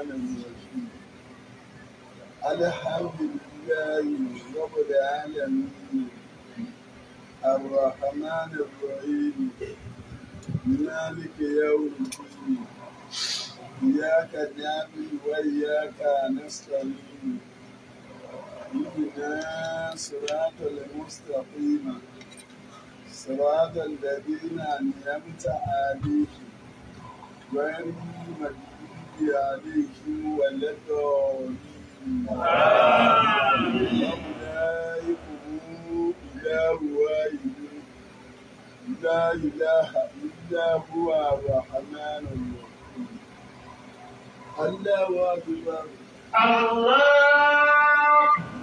angana sifati. na da اهدنا صراط المستقيم صراط الذين أنعمت عليهم غير المغضوب عليهم ولا الضالين أولئك هم إله واحد لا إله إلا هو الرحمن الرحيم الله أكبر الله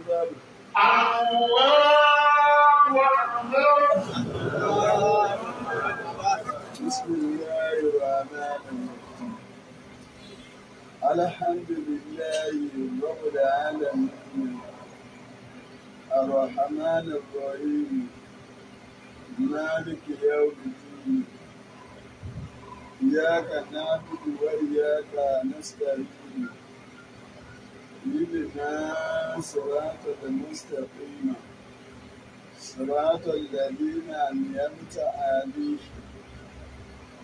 الحمد لله رب العالمين الرحمن الرحيم مالك يوم الدين إياك نعبد وإياك نستعين اهدنا صراطك المستقيم صراط الذين أنعمت عليهم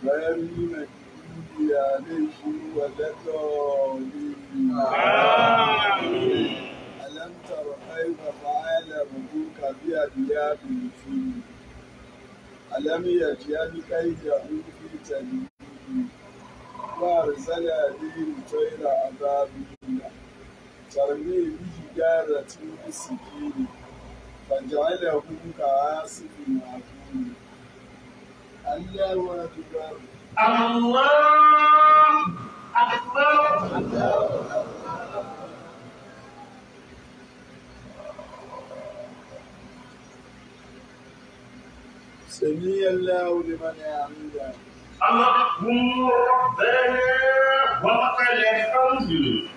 غير المغضوب عليهم ولا الضالين ألم تر كيف فعل ربك بأبيات الفيل ألم يجعل كيدهم في تدبير وأرسل عليهم طير أبابيل ترميهم بحجارة من سجيل فجعلهم كعاصف معقول الله أكبر الله أكبر الله أكبر سمي الله لمن يعمله اللهم ربنا ولك الحمد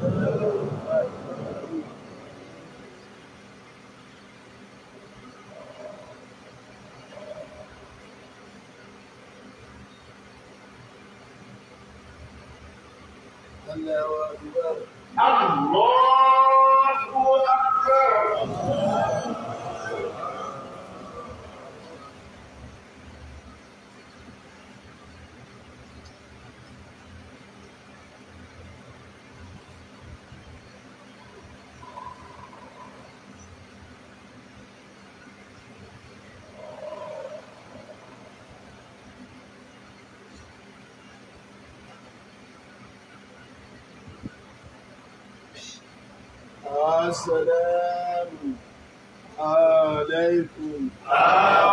الله أكبر السلام عليكم آه